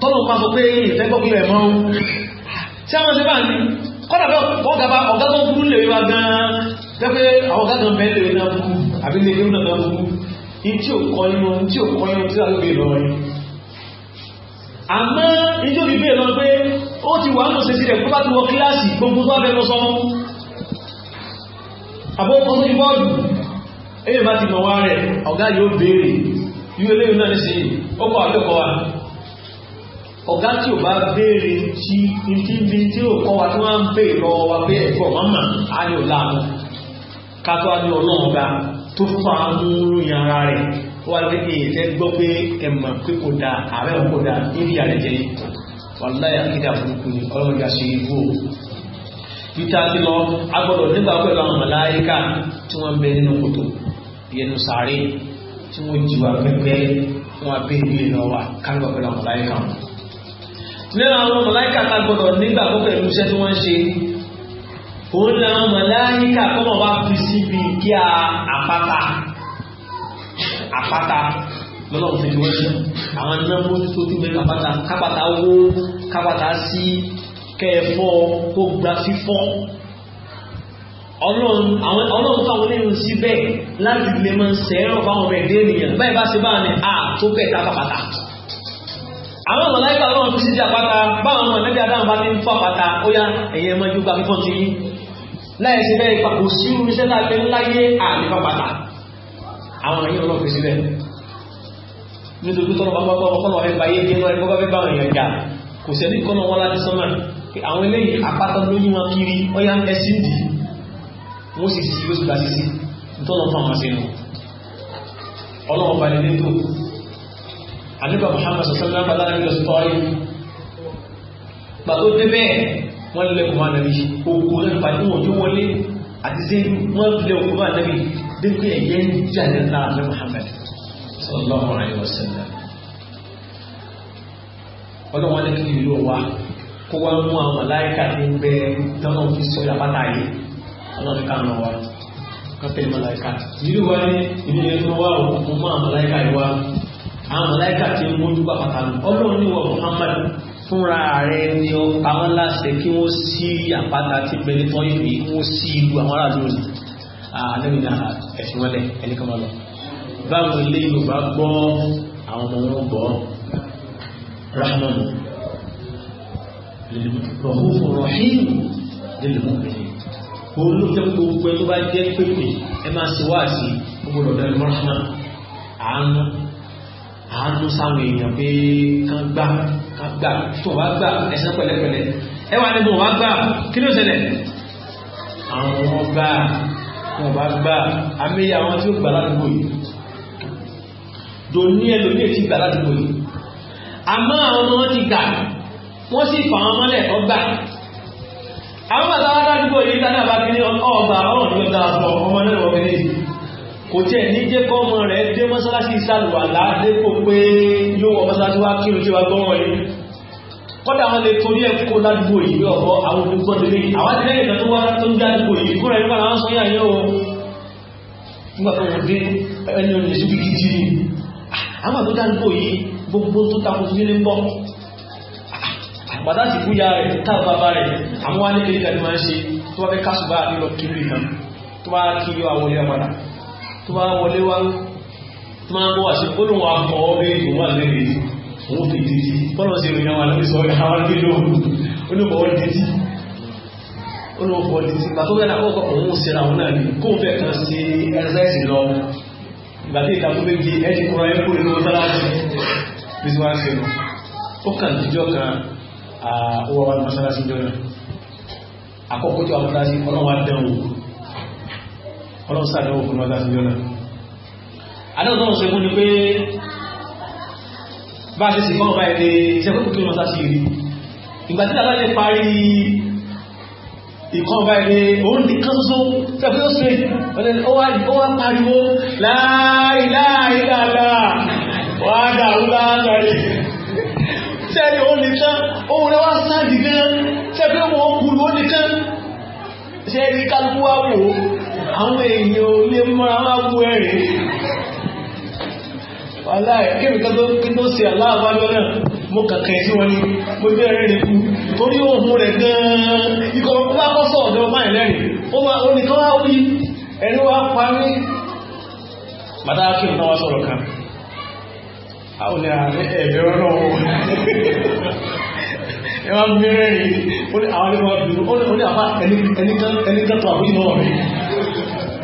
tọ́lọ̀ pa sọ pé ìfẹ́ rẹ̀ mọ́ tí a mọ́ sí bá ní kọ́dà bẹ́ ọ̀gá bá ọ̀gá tó burú lè wá gan-an jẹ́ pé àwọn ọ̀gá kan bẹ́ẹ̀ lè náà burú àbí lè náà náà burú ní tí ò kọ́ inú tí ò kọ́ inú tí a ló gbé lọ rí àmọ́ ìjọ ti bẹ́ẹ̀ lọ pé ó ti wà nù sẹ́sí rẹ̀ kó bá ti wọ kíláàsì gbogbo tó wà bẹ́ẹ̀ lọ sọ́mọ́ àbókọ́ sí bọ́ọ̀lù ẹ̀yẹ̀ bá ti mọ̀ wá rẹ̀ ọ̀gá yóò béèrè irú eléyìí náà ṣe ọkọ̀ àkẹ́kọ̀ọ́ wa ọ̀gá tí ò bá béèrè tí ibi tí ò kọ́ wa tí wọ́n ń béèrè lọ́wọ́ wa pé ẹ̀kọ́ mọ́mà á ní ọ̀la mu kátó á ní ọlọ́run ọba tó fà á mú ròyìn ara rẹ̀ ó wà lókè ìfẹ́ gbọ́ pé ẹ̀mọ̀ pé kò da ààrẹ kò da níbi àrẹ jẹ́ ni ọlọ́run peter ti lọ agbọ́dọ̀ nígbà pẹ̀lú àwọn màláyíkà tí wọ́n ń bẹ nínú kòtò yẹnu sáré tí wọ́n jù wá pẹ́pẹ́ wọn abẹ́ẹ̀bí lọ wà kálọ̀ pẹ̀lú àwọn màláíkà wọn. nínú àwọn màláíkà tá gbọdọ̀ nígbà tó pẹ̀lú iṣẹ́ tí wọ́n ń ṣe òun ni àwọn màláíkà kọ́mọ̀ wá fi síbi kí a àpáta àpáta lọ́lọ́run fi wọ́n ṣe àwọn nọ́mbó tó ti bẹ̀rẹ̀ àpáta kápáta wó kápáta sí kẹfọ́ kó gba fífọ́ ọlọ́run káwọn lẹ́nu sí bẹ́ẹ̀ láti lè máa sẹ́rọ̀ fáwọn ọmọ ẹ̀dẹ́ ènìyàn báyìí bá ṣe báyìí à tó bẹ́ẹ̀ tá pàpàtà àwọn ọmọ láyé báwọn fi síbi àpáta báwọn ọmọ ẹ̀dẹ́ adáhùn bá ti ń fọ àpáta ó yá ẹ̀yẹ ẹ̀mọ́ ìjọba fífọ́ ti yí láyé ṣe bẹ́ẹ̀ papò sí irú iṣẹ́ tá a fẹ́ láyé àmì pàpàtà àwọn ẹ̀yìn ọlọ́run fi síbẹ̀ nítorí tọ́lọ́ bá gbọ́ ọkọ́lọ́ ẹ̀ báyé jẹ́ lọ́rẹ́ bọ́ bá fẹ́ báwọn èèyàn jà kò sẹ́ni kọ́nà wọn láti sọ́mà àwọn eléyìí àpáta lóyún wọn kiri ọ̀yá ẹ̀sìn dì í wọ́n sì sí yóò sì gbà sí sí tọ́nà fún àwọn sínú ọlọ́run balẹ̀ nínú àníbà Muhammad sọ̀sọ́lá bá lára nílò sọ́tọ́ ayé gbà tó débẹ̀ wọ́n lè kùn ànàbí òkú náà pàdé wọn tó wọlé àti sí wọ́n lè òkú ànàbí débẹ̀ ẹ̀yẹ ń jà ní lára ní Muhammad sallallahu alaihi wasallam ọlọ́run ní kí ìlú wa kó wá mú àwọn aláìka ní bẹ́ẹ̀ tọ́nà fi sọ yàpátá yìí ọlọ́ni káàmù wa kápẹ́ màláìka ìlú wa ní ìlú tó wà ó mú àwọn màláìka yìí wá àwọn mójú bá pàtàkì ọlọ́run ní wọ Muhammad fúnra rẹ̀ ni ó àwọn láṣẹ kí wọ́n sí àpáta tí bẹni tán ìwé kí wọ́n sí ìlú àwọn aráàlú rẹ̀ àlẹ́mi ní ẹ̀sìn wọlé ẹnìkan wọn lọ báwo ilé Yorùbá gbọ́ àwọn ọmọ wọn gbọ́ rahman lèlùmọ́ rọ̀hún rọ̀hìn lèlùmọ́ bẹ̀rẹ̀ òun ló fẹ́ gbogbo ẹ tó bá jẹ́ pépè ẹ máa ṣe wá sí gbogbo ọ̀dọ̀ ẹni mọ́ṣánná àánú àánú sáwọn èèyàn pé kán gbà kán gbà tó wá gbà ẹsẹ̀ pẹ̀lẹ́pẹ̀lẹ́ ẹ wà nínú wá gbà kí ló ṣẹlẹ̀ àwọn ọmọ gbà wọn bá gbà àmì àwọn tí ó gbà ládùúgbò yìí dòní ẹlòmí èyí gbà ládùúgbò yìí àmọ́ àwọn ọmọ ti gbà wọ́n sì fà wọn mọ́lẹ̀ ọgbà àwọn bàtà wá dádúgbò yìí tánà bá kí ní ọgbà ọ̀rùn ní ọ̀dà ọ̀pọ̀ ọmọ náà wọ́n fi ní kò tí ẹ̀ ní jẹ́ kọ́ ọmọ rẹ̀ dé mọ́sálásí ìsàlùwàlá dépò pé yóò wọ mọ́sálásí wá kírun tí wá gbọ́wọ́ yìí kọ́dà wọn lè torí ẹ̀ kó ládùúgbò yìí ọ̀pọ̀ àwọn olùkọ́ délé àwọn ti lẹ́yìn tó wá tó ń jẹ́ àdúgbò yìí fúnra ẹ̀rọ àwọn sọ́yà yẹn o nígbà tó wọ́n dé ẹni oníṣẹ́ bí gidi ni àwọn àtúndà àdúgbò yìí gbogbo tó takò sí nílé ń bọ́ bàtà ti kú ya rẹ̀ tá bàbá rẹ̀ àwọn wá nílé ìgbà ni máa ń ṣe tó bá fẹ́ kásùbà nílọ kiri kan tó bá kí yọ àwọlé padà tó bá wọlé wá tó máa ń bọ́ àṣẹ ó lóun akọ̀ ọ́ bí òun wà lẹ́yìn èyí òun fi títí bọ́lọ̀ sí ìròyìn àwọn àlọ́sọ àwọn nílò olùkọ́ títí olùkọ́ títí pàtó bẹ́ẹ̀ náà kọ́kọ́ òun ṣe ra òun náà ní kó Ah, owó wa mọ́sálásí jọ́nà àkọ́kọ́ tí wà mọ́sálásí ọlọ́wà dánwò ọlọ́sà dánwò fún mọ́sálásí jọ́nà adáwòtọ́ ọ̀sẹ̀ fún ni pé bá ṣe sì fọ́n ọba ẹ̀rẹ́ ìṣẹ́kùnkùn kí mọ́sálásí rí ìgbà tí àbá lè parí ìkan ọba ẹ̀rẹ́ òun nìkan tó tẹ́kùn tó ṣe ó wá pariwo láìláìláà wà dàrú láàárín sẹ́rẹ̀ ó lè tán ohun rẹ̀ wá sáàdì gan sẹ́fẹ́ wọn ó lè ṣe rí kálukú wá àwọn èèyàn ò lè mọ́ra wá wú ẹ̀rẹ̀ wàláì tó kí aláàbájọ́ náà mo kàkà sí wọn ni mo jẹ́ rẹ̀rẹ̀ kú torí ohun rẹ̀ gan-an ikọ̀ wá kọ́ sọ̀ ọ̀dọ̀ máa ó wá ó Ah, àwọn ẹ̀ẹ̀bẹ̀ ọlọ́wọ́ ẹ máa ń bẹ̀rẹ̀ rí ó ní àwọn ẹgbẹ̀rẹ̀ bìrù ó ní àpá ẹnikẹ́tọ̀ àbújúmọ̀ rẹ̀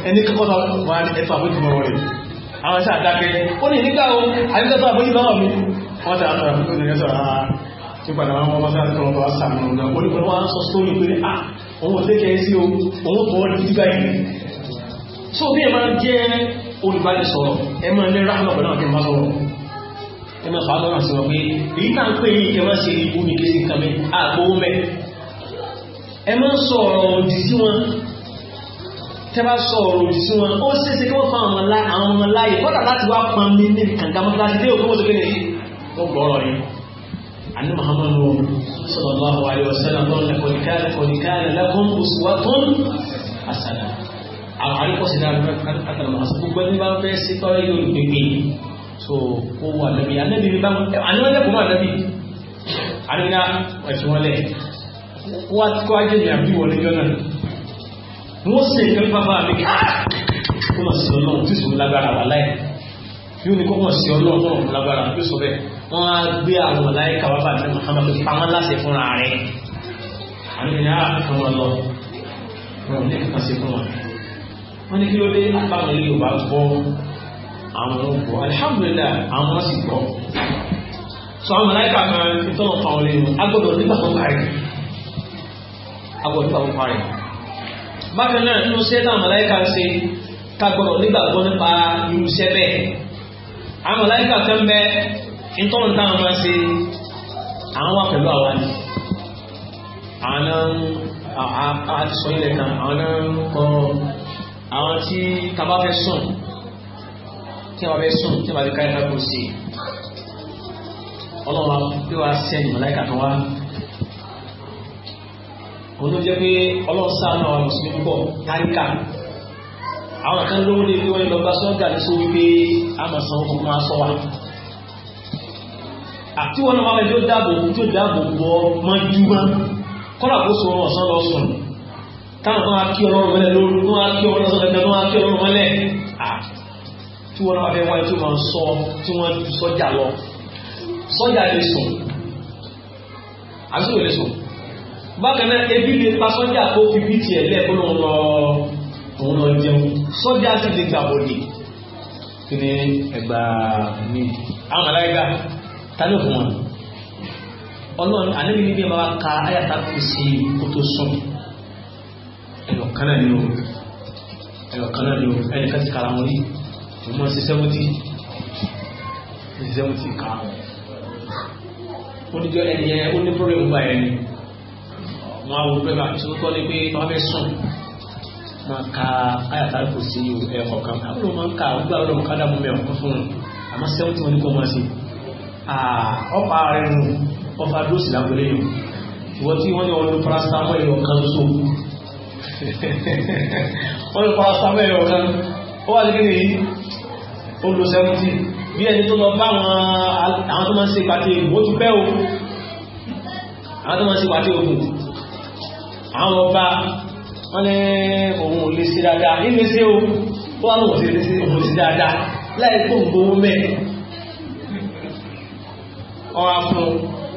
ẹnikẹ́kọ́ta wà ní ẹ̀tọ̀ àbújúmọ̀ rẹ̀ àwọn ẹ̀ṣẹ́ àdákẹ́ ó ní nígbà ó àyíkẹ́tọ̀ àbújúmọ̀ mi wọ́n ti àtọ̀ àbújúmọ̀ rẹ̀ sọ̀rọ̀ àà ah, tí padà wọn wọ́n sáré tọrọ tọrọ sàmì ọ̀nà ó ní pẹ̀lú wọn sọ sórí pé à ah, òun ò lékẹ́ sí o òun tọ́ ní dígbà yìí so bí ẹ máa jẹ́ olùbánisọ̀rọ̀ ẹ máa ní ráhùn ọ̀pẹ̀lú àwọn ọ̀pẹ̀lú sọ̀rọ̀ ẹmọ sọ́dọ̀ náà sí wọn pé èyí tá ń pè ní ìkẹmọ́ sí ibú ní kí sí nǹkan mi àgbówó mẹ́ ẹ mọ́ sọ ọ̀rọ̀ òdì sí wọn tẹ́ bá sọ ọ̀rọ̀ òdì sí wọn ó ṣeéṣe kí wọ́n fa àwọn ọmọ láàyè kọ́tà láti wá pọn mi ní kàǹkà mọ́ láti dé òkú mọ́tò kéde wọ́n gbọ́ ọ̀rọ̀ yìí àní muhammadu sallallahu alaihi wasallam lọ́nà kọ̀díkàlẹ̀ kọ̀díkàlẹ̀ lakum uswatun hasanah àwọn àríkọ̀sílẹ̀ àtàlùmọ̀ àti gbogbo ẹni bá fẹ́ sí tọ́lá yóò gbégbé so ó wà lẹ́bi alẹ́bi ní báwọn alẹ́wọ́lẹ́ kò máa lẹ́bi alẹ́bíná ẹ̀sùn wọn lẹ̀ wá kó ajé ní àbí wọlé jọ náà wọ́n sì ń kẹ́lẹ́ bàbá mi kí kó mọ̀ sí ọlọ́run tí sùn lágbára wà láì yóò ní kó mọ̀ sí ọlọ́run náà fún lágbára tó sọ bẹ́ẹ̀ wọ́n á gbé àwọn láì kàwá bá mi Muhammad pamọ́ láti fúnra rẹ̀ alẹ́bíná fún wọn lọ wọn ò ní kí wọ́n ṣe fún wọn wọ́n ní kí ló dé apá mi yóò bá gbọ́ àwọn ọkọ̀ alhamdulillah àwọn sì gbọ́ sọ àwọn mọ̀láìkà máa ń tọ́lọ̀ fa orí wọn agbọ́dọ̀ nígbà tó parí agbọ́dọ̀ nígbà tó parí bákan náà nínú iṣẹ́ táwọn mọ̀láìkà ń ṣe kagbọ́dọ̀ nígbàgbọ́ nípa irú iṣẹ́ bẹ́ẹ̀ àwọn mọ̀láìkà kan bẹ ìtọ́nù táwọn máa ṣe àwọn wà pẹ̀lú àwa ni àwọn àti sọ ilẹ̀ kan àwọn náà ń kọ àwọn tí kaba fẹ́ sùn tí wọ́n bẹ sùn tí wọ́n bẹ káyọ̀ náà kò sí ọlọ́wọ́ pé wàá sẹ́yìn mọ̀láìkà kan wá. òun ló jẹ́ pé ọlọ́sàn náà wà lọ́sùn púpọ̀ táríkà àwọn kan lówó lé wọ́n lọ bá sọ́jà ní sọ wípé a máa san owó máa sọ wa. àti wọn náà wà lẹ́jọ́ dáàbò tó dáàbò bọ́ mọ́júmọ́ kọ́lá kó so wọn ọ̀sán lọ sùn táwọn kan á kí ọlọ́run mọ́lẹ̀ lóru wọn á kí ọlọ́run mọ́lẹ̀ tí wọ́n náà fẹ́ wáyé tí wọ́n sọ tí wọ́n ju sọ́jà lọ sọ́jà lè sùn àbísọ̀ lè sùn bákan náà ebi lè pa sọ́jà kó fi bí tiẹ̀ lẹ̀ kó lóun lọ òun lọ jẹun sọ́jà sì lè gbà bọ̀dì kí ni ẹgbà mi àwọn màláíkà ta ló fún wọn ọlọ́run àníbi níbi máa ka ayàtà kù sí kó tó sùn ẹ̀rọ kan náà ni o ẹ̀rọ kan náà ni o ẹnì kan ti kàrà wọn rí mo mọ̀ sí sẹ́wọ́tì sí sẹ́wọ́tì ká ó níjọ́ ẹni yẹn ó ní pọ́blẹ́mù gbà yẹn ni wọ́n á wo pẹ́ẹ́bà tí ó tọ́ ni pé wọ́n fẹ́ sùn máa ka ayàtà kò sí ẹ̀kọ́ kan àwọn ọmọ ń ka àwọn gbà ọlọ́mọ ká dàbọ̀ mẹ́wọ̀n kún fún un àmọ́ sẹ́wọ́tì wọn ni kò máa ṣe ọ̀pá rẹ̀ nù ọ̀fà dóòsì lágbẹ̀lẹ́ yìí ìwọ́n tí wọ́n ní wọn lo paracetamol ẹ̀yọ̀ kan so wọ́n lo paracetamol ó lo seventy bí ẹni tó lọ bá àwọn tó máa ń ṣe pàtẹ ègbò ó ti o àwọn tó máa ń ṣe pàtẹ ògùn àwọn ọba wọ́n ní òun ò lè ṣe dáadáa nílé ṣe o ó wà lóun ò lè ṣe òun ò ṣe dáadáa láì tó ń mẹ́ wọ́n fún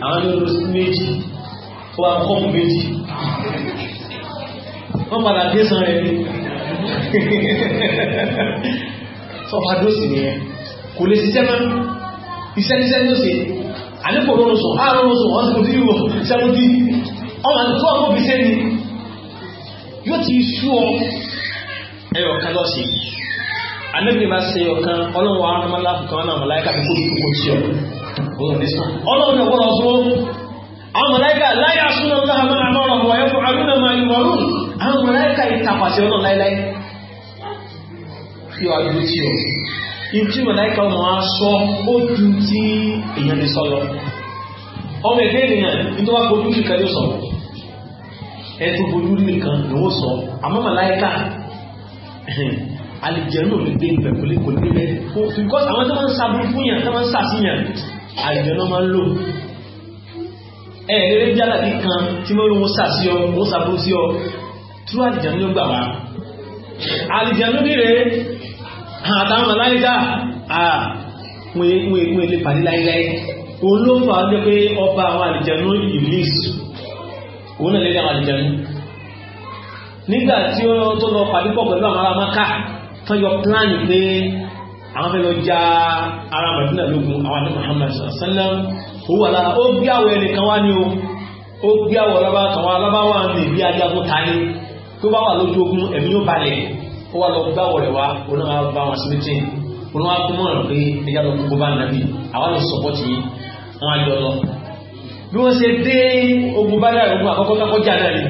àwọn ní olóṣù méjì ó wà kọ́ọ̀mù méjì wọ́n padà dé san rẹ̀ sọfàdósì nìyẹn kò lè ṣiṣẹ́ mọ́ ìṣẹ́niṣẹ́ ní òṣè àníkò rọrùsùn àrọrùsùn wọ́n sì kò tí sẹ́mùtí ọmọ àtúkọ́ ọmọ bí sẹ́ni yóò ti sú ọ ẹyọ kan lọ́sì àníkò bá ṣe ọ̀kan ọlọ́run àwọn ọmọ aláàfin kan náà mọ̀láíkà tó kó kó sí ọ ọlọ́run ọgbọ́n ọ̀sọ́ àwọn mọ̀láíkà láyà súnmọ́ kí wàá dúró tí o ìtí mọ̀láìkà ọmọ wa sọ ó ju tí èèyàn lè sọ lọ ọmọ ẹgbẹ́ ènìyàn nítorí wàá fojú rí kan ló sọ ẹtún fojú rí nìkan ló ń sọ àmọ́ mọ̀láìkà alìjẹ́nù lè dé ibẹ̀ kò lè kò lè bẹ̀ because àwọn tó máa ń sábúrú fún yàn tó máa ń sàfihàn alìjẹ́nù máa ń lò ẹ̀ẹ́dẹ́gbẹ́jáde kan tí wọ́n ń sàfihàn wọ́n sàbúrú sí ọ túrú alìjẹ́nù ló gbà wá àlìjẹ̀nú dìre àtàwọn aláìdá àwọn èkún ilé pàdé láíláí òun ló fà á jẹ́ pé ọba àwọn àlìjẹ̀nú ìlísù òun náà lẹ́dẹ̀ àwọn àlìjẹ̀nú nígbà tí ó tó lọ pàdé pọ̀ pẹ̀lú àwọn ará maka tán yọ pílánì pé àwọn fẹ́ lọ ja ara màdínà lógun àwọn àti Muhammad sallam ó wà lára ó gbé àwọ̀ ẹnìkan wá o ó gbé àwọ̀ alábáwá ní ìbí ajagun tó bá wà lójú ogun ẹ̀mí yóò balẹ̀ ó wà lọ gbáwọ̀ rẹ̀ wá ó náà bá wọn sí mítìn ó náà kún mọ́ pé ẹja lọ gbogbo bá nàbì àwọn lọ sọ̀pọ̀tì yìí wọ́n á jọ lọ. bí wọ́n ṣe dé ogun bá dára ogun àkọ́kọ́ kákọ́jà náà ni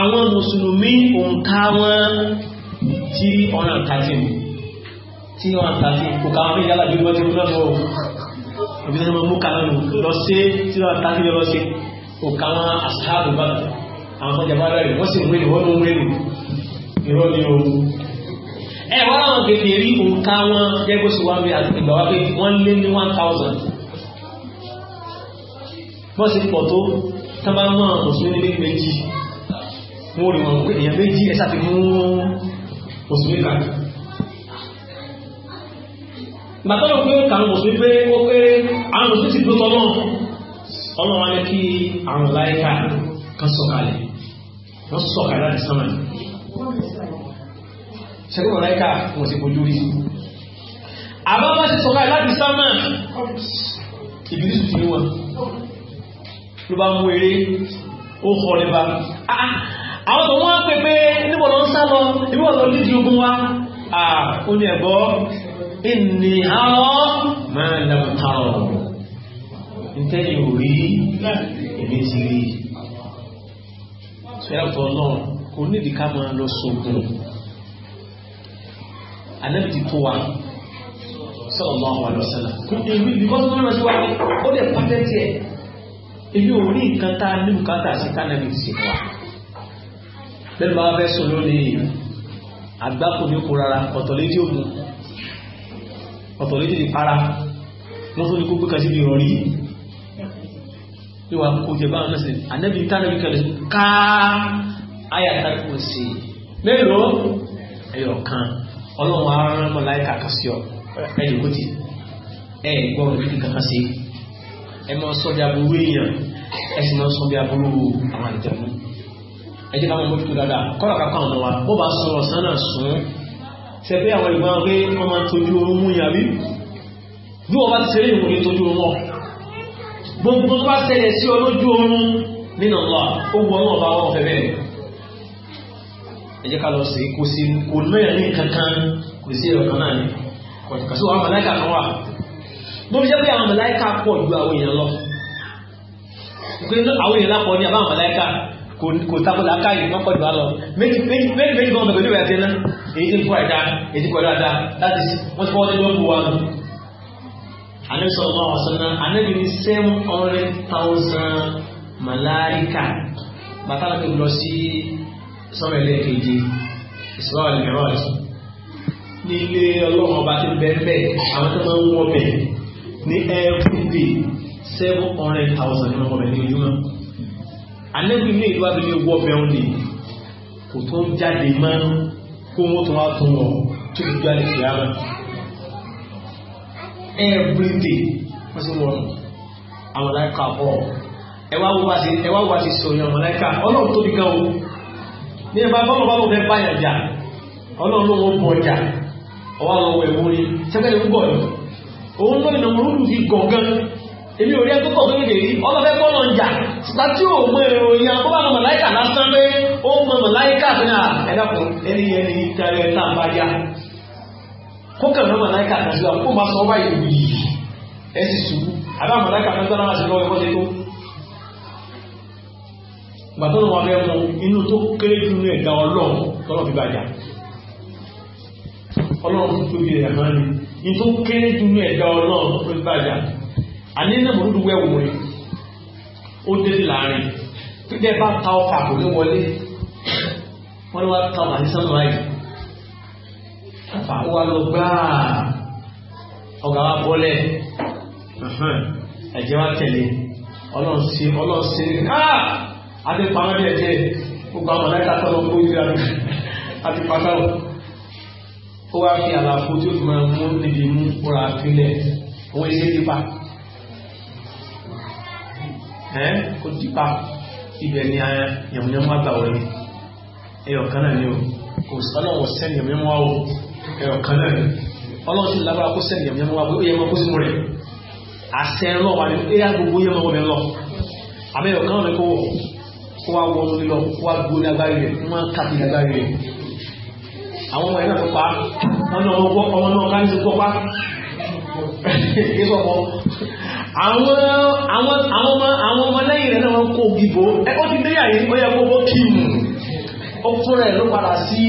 àwọn mùsùlùmí òǹkà wọn tí ọ̀nà tàfin tí ọ̀nà tàfin kò káwọn bí yálà bí wọ́n ti kúrò lọ́wọ́ òbí náà mú kàlọ́nù lọ sí tí ọ̀nà tàfin lọ sí kò káwọn àṣà àbúgbà àwọn kan jàmbá rẹ̀ wọ́n sì ń wéèrè wọ́n ń wéèrè irọ́ ni o. ẹ wọ́n láwọn kèké rí òǹkà wọn gẹ́gbó sí wàá bí ìgbà wá pé wọ́n lé ní one thousand. wọ́n sì pọ̀ tó tábà mọ́ àwọn mùsùlùmí ní méjì wọ́n rí wọn pé èèyàn méjì ẹ̀ sàfi mú mùsùlùmí kan. bàtà ló pé kàwọn mùsùlùmí pé ó pé àwọn mùsùlùmí ti dúró tọ́lọ́ ọlọ́run á ní kí àwọn láyé ká kan sọ̀kalẹ̀ wọ́n sọ̀kà láti sánmà ní ṣẹ́gbẹ́ mọ̀láíkà wọ́n ti bojú rí àbá bá ṣe sọ̀kà láti sánmà ìbílísù ti wọn ló bá mú eré ó kọ́ lẹ́bà ah, àwọn tó wọ́n pè pé níbo lọ ń sá lọ níbo lọ lídìí ogun wa ó ní ẹ̀gbọ́ ìní àárọ̀ máa lẹ́mọ̀tàrọ̀ ní tẹ́lẹ̀ òrí èmi ti rí ṣẹ́yàtọ̀ náà kò nídìí ká máa lọ sógun anábì ti tó wa sallallahu alaihi wasallam èmi bíkọ́ tó lọ sí wa ó lè pàtẹ́tì ẹ̀ èmi ò rí nǹkan tá a ní bùkátà sí kánábì sí wa bẹ́ẹ̀ bá fẹ́ sọ lónìí àgbákò ní kó rárá ọ̀tọ̀lédì ògùn ọ̀tọ̀lédì ìpara wọ́n ní kó gbé kan síbi ìrọ̀rí yìí yóò wá kó jẹ báwọn náà sí ànábì tánàbì kẹlẹ̀ ká àyà tàbí sí mélòó ẹyọ kan ọlọ́run arán mọ̀ láìka kan sí ọ ẹyọ kó ti ẹ gbọ́ ọ̀rọ̀ méjì kankan sí ẹ máa sọ bí aburú èèyàn ẹ sì máa sọ bí aburú àwọn àjẹmú ẹ jẹ́ káwọn mójútó dáadáa kọ́ra kankan ọ̀nà wa bó bá sọ ọ̀sán náà sùn ṣe pé àwọn ìgbà wọn pé wọ́n máa tójú oorun mú yàrá bí wọ́n bá ti ṣeré ìwòye tójú oorun wọn gbogbo tó bá ṣẹlẹ̀ sí ọ lójú oorun nínú ọlọ́ ó wọ ọlọ́ ọba ọlọ́ fẹ́ bẹ́ẹ̀ ẹ jẹ́ ká lọ sí kò sí kò náà ní kankan kò sí ẹ̀rọ kan náà ní kò sí àwọn màláìka kan wà bó fi jẹ́ pé àwọn màláìka pọ̀ ju àwọn èèyàn lọ pé méjì méjì méjì kan bẹ̀rẹ̀ níwájú ẹ̀ èyí ti kọ́ ẹ̀dá èyí ti kọ́ láti wọ́n ti fọwọ́ tó ń bu wa nù anabi sallallahu alaihi wasallam anabi ní seven hundred thousand malarika bàtà ló ń lọ sí sọ́rọ̀ ẹlẹ́ẹ̀kejì ìsọ́rọ̀ ẹlẹ́mìíràn ní ilé ọlọ́run ọba ti bẹ́ẹ̀ bẹ́ẹ̀ àwọn tó máa ń wọ bẹ́ẹ̀ ní every day seven hundred thousand ní ọkọ̀ bẹ̀ ní ojúmọ́ anabi ní ìlú abẹ́lé wọ bẹ́ẹ̀ ń lè kò tó ń jáde máa kó wọ́n tó wá tó wọ̀ tó ń jáde kìláàmù every day wọ́n sì wọ́n àwọn màláíkà pọ̀ ẹ wá wo àti ẹ wá wo àti sọ̀rọ̀ àwọn màláíkà ọlọ́run tóbi gan o ní ẹ bá bọ́ọ̀lù bá wọn fẹ́ báyà jà ọlọ́run ló wọ́n bọ̀ jà ọwọ́ àwọn ọmọ ẹ̀wọ̀n ni sẹ́kẹ̀lẹ̀ ń bọ̀ ni òun ló ní nàmúrú lù fi gọ̀ọ̀gan èmi ò rí ẹgbẹ́ kọ̀ọ̀kan lóde rí ọlọ́fẹ́ bọ́ọ̀lù ń jà síta tí ò mọ ìròyìn àkọ́bá àwọn màláíkà lásán pé ó mọ màláíkà fún ẹ̀dàkùn ẹni ẹni tẹ̀lé tá a bá yá kókàn ló mọ̀láìkà àtàṣí wa kó máa sọ wáyé wìí ẹ sì ṣubú àbá mọ̀láìkà kan tọ́lá àti lọ́wọ́ ẹ̀kọ́ ṣe tó. gbàtọ́ ló wà fẹ́ mu inú tó kéré jù ní ẹ̀dá ọlọ́run tọ́lọ́ fi bàjá ọlọ́run tó tóbi rẹ̀ máa ní ní tó kéré jù ní ẹ̀dá ọlọ́run tó fi bàjá àní náà mo dúdú wẹ̀wù rẹ̀ ó dé láàrin tó jẹ́ bá ta ọkà kò ní wọlé wọ́n ní wá ta ọkà ní sánmọ́ láyìí àfa wa lọ gbáà ọ̀gá wa bọ́lẹ̀ ẹ̀jẹ̀ ọlọ́run sí ọlọ́run sí ní ah! ká àti pamọ́ díẹ̀ díẹ̀ gbogbo àwọn ọ̀nà ìtàkùn ọ̀nà gbogbo àti ó wá fi àlàfo tí ó fi máa mú níbi mú kóra owó dípa dípa ibẹ̀ ni eh, àgbà kan náà ni o kò sọ́nà wọ̀ sẹ́ni àwọ̀. ẹ̀ọ̀kan náà ni àṣẹ ńlọ wà ní ẹ̀yà gbogbo lọ àmì ẹ̀ọ̀kan náà ni kó kó wá wọnú lílọ kó wá gbó lágbárí kàbí lágbárí rẹ̀ àwọn ọmọ ẹ̀ náà pa wọn náà wọ́n ọmọ àwọn àwọn ọmọ ọmọ lẹ́yìn rẹ̀ náà wọ́n kó ògìbò ẹ ó ti dé àyè ó kí mù ó fúnra ló padà sí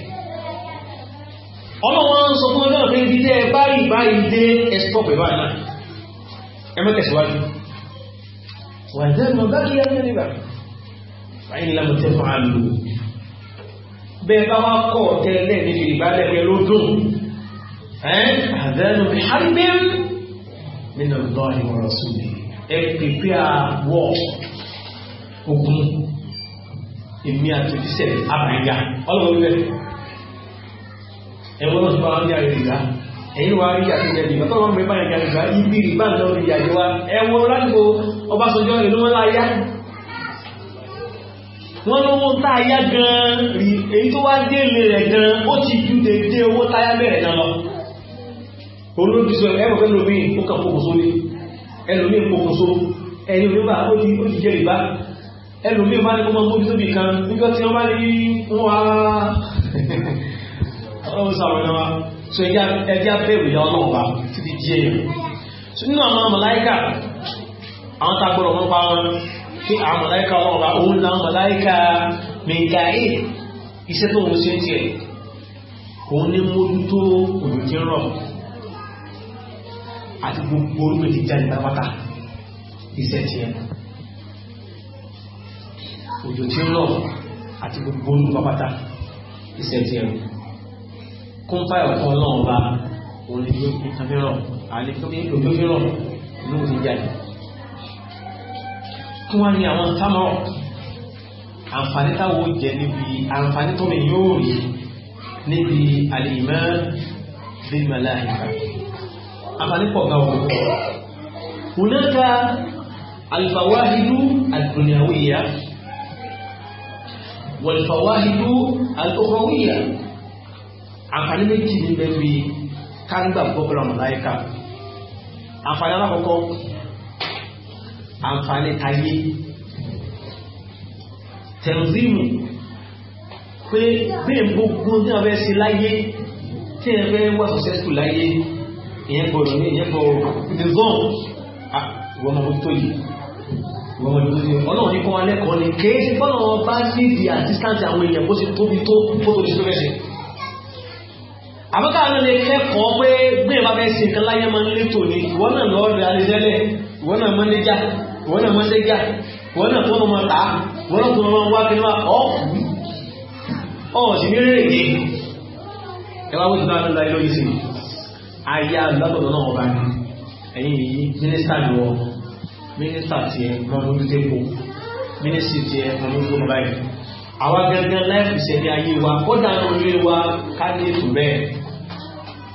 ọlọ́wọ́n sọ fún ọlọ́run pé ibi tẹ́ ẹ bá rí báyìí dé ẹ stop ẹ báyìí náà ẹ mọ́ tẹ̀síwájú wà ní ẹ̀mọ́ bá kí ẹ̀mọ́ nígbà báyìí ni lámọ̀ tẹ́ fún àlù bẹ́ẹ̀ bá wá kọ́ àti ìfisẹ̀ àbàyà ọlọ́run bẹ́ẹ̀ ẹ̀wọ́n lọ́sùn máa ń yà rìbá ẹ̀yìn wa rí àtúnjẹ rìbá tọ́wọ́ ń bẹ́bá yà rìbá ibi rìbá ń lọ́rùn ìyà jọ wa ẹ̀wọ́n lásìkò Ọbásanjọ́ ìlú wọn láyá wọ́n lówó táyá gan rí èyí tó wá délé rẹ̀ gan ó ti ju dédé owó táyá bẹ̀rẹ̀ náà lọ olóòtúsọ ẹ̀rọ fẹ́ lómi ó kà fòkòsó ọlọ́run sọ àwọn ẹ̀wà so ẹjẹ́ bẹ̀rù ya ọlọ́run bá títí di èèyàn so nínú àwọn màláíkà àwọn tagbọ̀rọ̀ wọn pa wọn pé àwọn màláíkà ọlọ́run bá òun náà màláíkà mẹ̀gáì iṣẹ́ tó ń ṣe tiẹ̀ òun ní mójútó òjò tí ń rọ̀ àti gbogbo orúkọ ti jáde pátápátá iṣẹ́ tiẹ̀ òjò tí ń rọ̀ àti gbogbo orúkọ pátápátá iṣẹ́ tiẹ̀ rọ̀ kún fáyọ̀ fún ọlọ́run bá òun ni nǹkan fẹ́ràn àní tó ní òjò fẹ́ràn ló ti jáde. kí wọ́n ní àwọn sámọ̀ àǹfààní táwọn jẹ níbi àǹfààní tó mi yóò rí níbi àlìmọ́ bíi màláìka àǹfààní pọ̀ gan o. hunaka alfawahidu aldunyawiya والفواهد الأخروية àǹfààní méjì ní bẹ́ẹ̀ fi káńgbà gbọ́kọ̀lọ́ màláìka àǹfààní alákọ̀ọ́kọ́ àǹfààní tayé tẹ̀lzimu pé bẹ́ẹ̀ gbogbo ní abẹ́ sí láyé tí ẹ fẹ́ wá successful láyé ìyẹn gbọ́dọ̀ ní ìyẹn gbọ́dọ̀ the zone wọ́n mọ̀ tó yìí wọ́n mọ̀ tó yìí ọlọ́run ní kọ́ alẹ́kọ̀ọ́ ni kèé sí bọ́lọ̀ bá nídìí àdísítàǹtì àwọn èèyàn bó ṣe tóbi tó tó tó ti tó fẹ́ àbákà náà lè kẹ́kọ̀ọ́ pé gbé ìbá bẹ́ẹ̀ sí nǹkan láyé máa ń létò ní ìwọ náà lọ́ọ́ rẹ̀ alẹ́sẹ́lẹ̀ ìwọ náà mọ́nẹ́jà ìwọ náà mọ́nẹ́jà ìwọ náà tó máa tà ìwọ náà tó máa wá kí ni wá ọ̀kú ọ̀hún sì ní rèrè ní ẹwà wọ́n ti bá lọ́la ilé ìsìn ayé alùbátọ̀dọ̀ náà ọba ní ẹ̀yìn yìí mínísítà ni wọ́n mínísítà ti ẹ̀ mọ́mọ́dún tẹ́kọ̀ mínísítì ti wa kódà náà ilé wa ká ní ètò bẹ́ẹ̀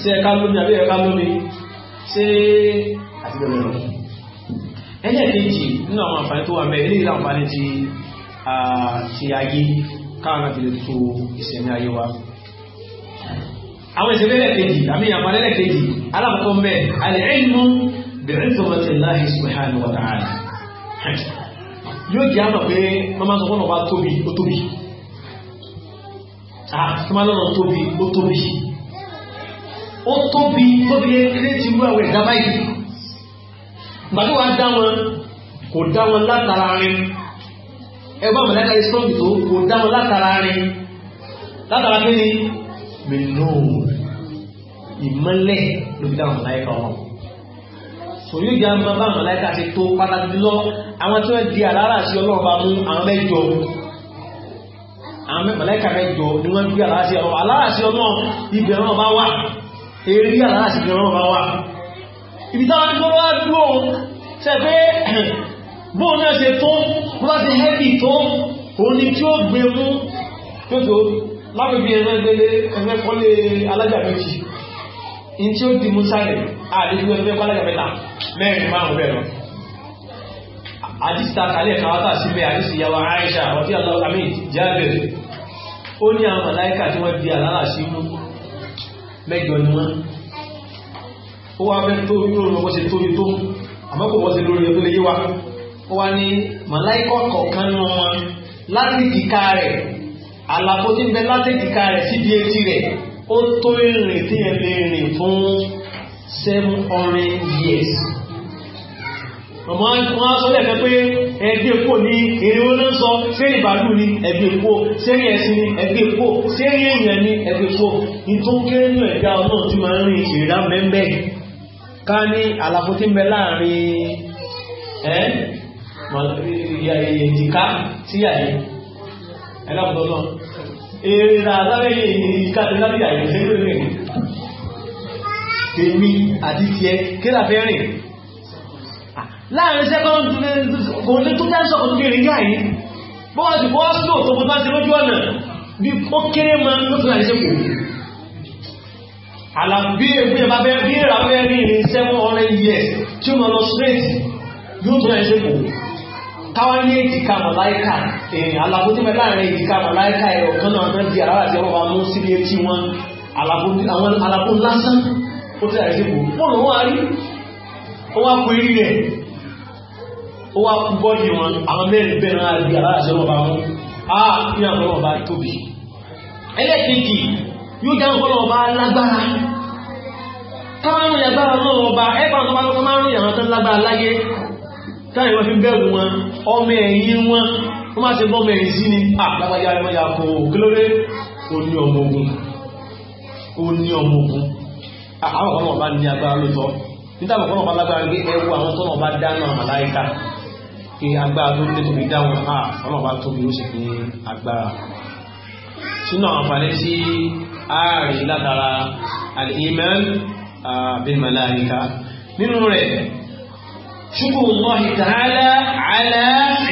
ṣé ẹ̀ka lómi àbí ẹ̀ka lómi ṣé àti bẹ̀rẹ̀ lọ. ẹlẹ́ẹ̀kejì nínú àwọn àǹfààní tó wà mẹ́rin eléyìí láǹfààní ti ti ayé káwọn àti lè tó ìsẹ̀mí ayé wa. àwọn ìsẹ̀mí ẹlẹ́ẹ̀kejì àmì àǹfààní ẹlẹ́ẹ̀kejì alákọ̀ọ́ mẹ́ alẹ́ ẹ̀yìn bẹ̀rẹ̀ tó wọ́n ti láhìí subhanahu wa ta'ala yóò jẹ́ àmà pé mọ́má sọ fọ́nà ah, bá ah kí má lọ́nà tóbi ó tóbi ó tóbi tóbi eré ti wú àwọn ìdá báyìí gbàdúrà wá dá wọn kò dá wọn látara rin ẹgbẹ́ àmàlẹ́ka yìí sọ́ọ̀bù tó kò dá wọn látara rin látara kí ni mẹ́nu ìmọ́lẹ̀ ló fi dá wọn láyé kọ́ wọn òyìn ìjà máa bá màláìka ṣe tó pàtàkì lọ àwọn tí wọ́n di àlárà sí ọlọ́ọ̀bá mú àwọn mẹ́jọ àwọn màláìka mẹ́jọ ni wọ́n di àlárà sí ọlọ́ọ̀bá àlárà sí ọlọ́ọ̀ ibẹ̀ náà bá wà èrí aláàṣì ni wọ́n bá wà ibi táwọn ní gbọ́rọ̀ àdúgbò tẹ́ pé bóun náà ṣe tó bó bá ti hẹ́bì tó òun ni tí ó gbé mú tótó lábẹ́bí ẹgbẹ́gbẹ́lé ẹgbẹ́kọ́lé alájà méjì in tí ó di mú sáré àdéjú ẹgbẹ́kọ́ alájà mẹ́ta mẹ́rin márùn kàwátà síbẹ̀ àdísì ìyàwó Aisha àwọ̀tí aláwọ̀ àmì Jabir ó ní àwọn màláíkà tí wọ́n di àlálà mú mẹ́jọ ni wọ́n ó wá fẹ́ tó bí òun wọ́n ṣe tóbi tó àmọ́ kò wọ́n ṣe lórí ẹgbẹ́ yé wa ó wá ní màláìkọ̀ kọ̀ọ̀kan nínú wọn láti ìdíkà rẹ̀ àlàfo tí ń bẹ láti ìdíkà rẹ̀ síbi etí rẹ̀ ó tó ìrìn tí ẹ lè rìn fún seven hundred years ọmọ wọn sọ lẹ́ẹ̀kan pé ẹgbẹ́ epo ní èrò ló ń sọ sẹ́yìn bàálù ní ẹgbẹ́ epo sẹ́yìn ẹ̀sìn ní ẹgbẹ́ epo sẹ́yìn èèyàn ní ẹgbẹ́ epo ní tó kéré nínú ẹ̀dá ọlọ́run tí máa ń rìn ìṣèlérà mẹ́mbẹ́ ká ní àlàfo tí ń bẹ láàrin ẹ́ ìdíká sí àyè ẹlọ́pọ̀ náà èrè àtàrẹ ìdíká tó lábí àyè sí ìrìn tèmi àti tiẹ̀ kí láàrin sẹ́kọ́ndì àlàbí ẹgbẹ́ ẹ̀bá bẹ́ bí ìrà bẹ́ ní ìrìn seven hundred years tí ó mọ̀ lọ straight yóò tó ẹ̀ṣẹ́ kò káwá ní èjìká màláìkà èèyàn alábòtí mẹ́ láàrin èjìká màláìkà ẹ̀rọ kan náà náà di àrárá tí ọlọ́wà mú sí ilé tí wọ́n alábò lásán ó tó ẹ̀ṣẹ́ kò wọ́n lọ́wọ́ àrí ó wá kó eré rẹ̀ ó wá kú bọ́ọ̀lì wọn àwọn mẹ́rin bẹ́ẹ̀ náà rí aláàṣẹ wọn bá wọn á kí àwọn ọba tóbi ẹlẹ́kejì yóò jẹ́ àwọn ọba lágbára táwọn ìyàgbára náà ọba ẹgbà tó bá lọ́kọ́ márùn ìyàwó tó lágbára láyé táwọn ìwọ́n fi bẹ̀rù wọn ọmọ ẹ̀yìn wọn wọ́n máa ṣe bọ́ọ̀mọ̀ ẹ̀yìn sí ni àgbàgbàjá rẹ̀ wọ́n yà kó kílódé ó ní ọmọ ogun ó ní ọmọ ogun àwọn ọ̀pọ̀lọpọ̀ bá ní agbára lóòótọ́ nígbà lágbára gbé ẹwọ àwọn tọ́nà bá dáná àmàláyíká pé agbára tó lè tóbi dáwọn ha ah, ọlọ́ba tóbi ó sì ní agbára sínú àwọn àǹfààní sí ààrẹ látara al-iman bil nínú rẹ̀ shukru Allahi ta'ala ala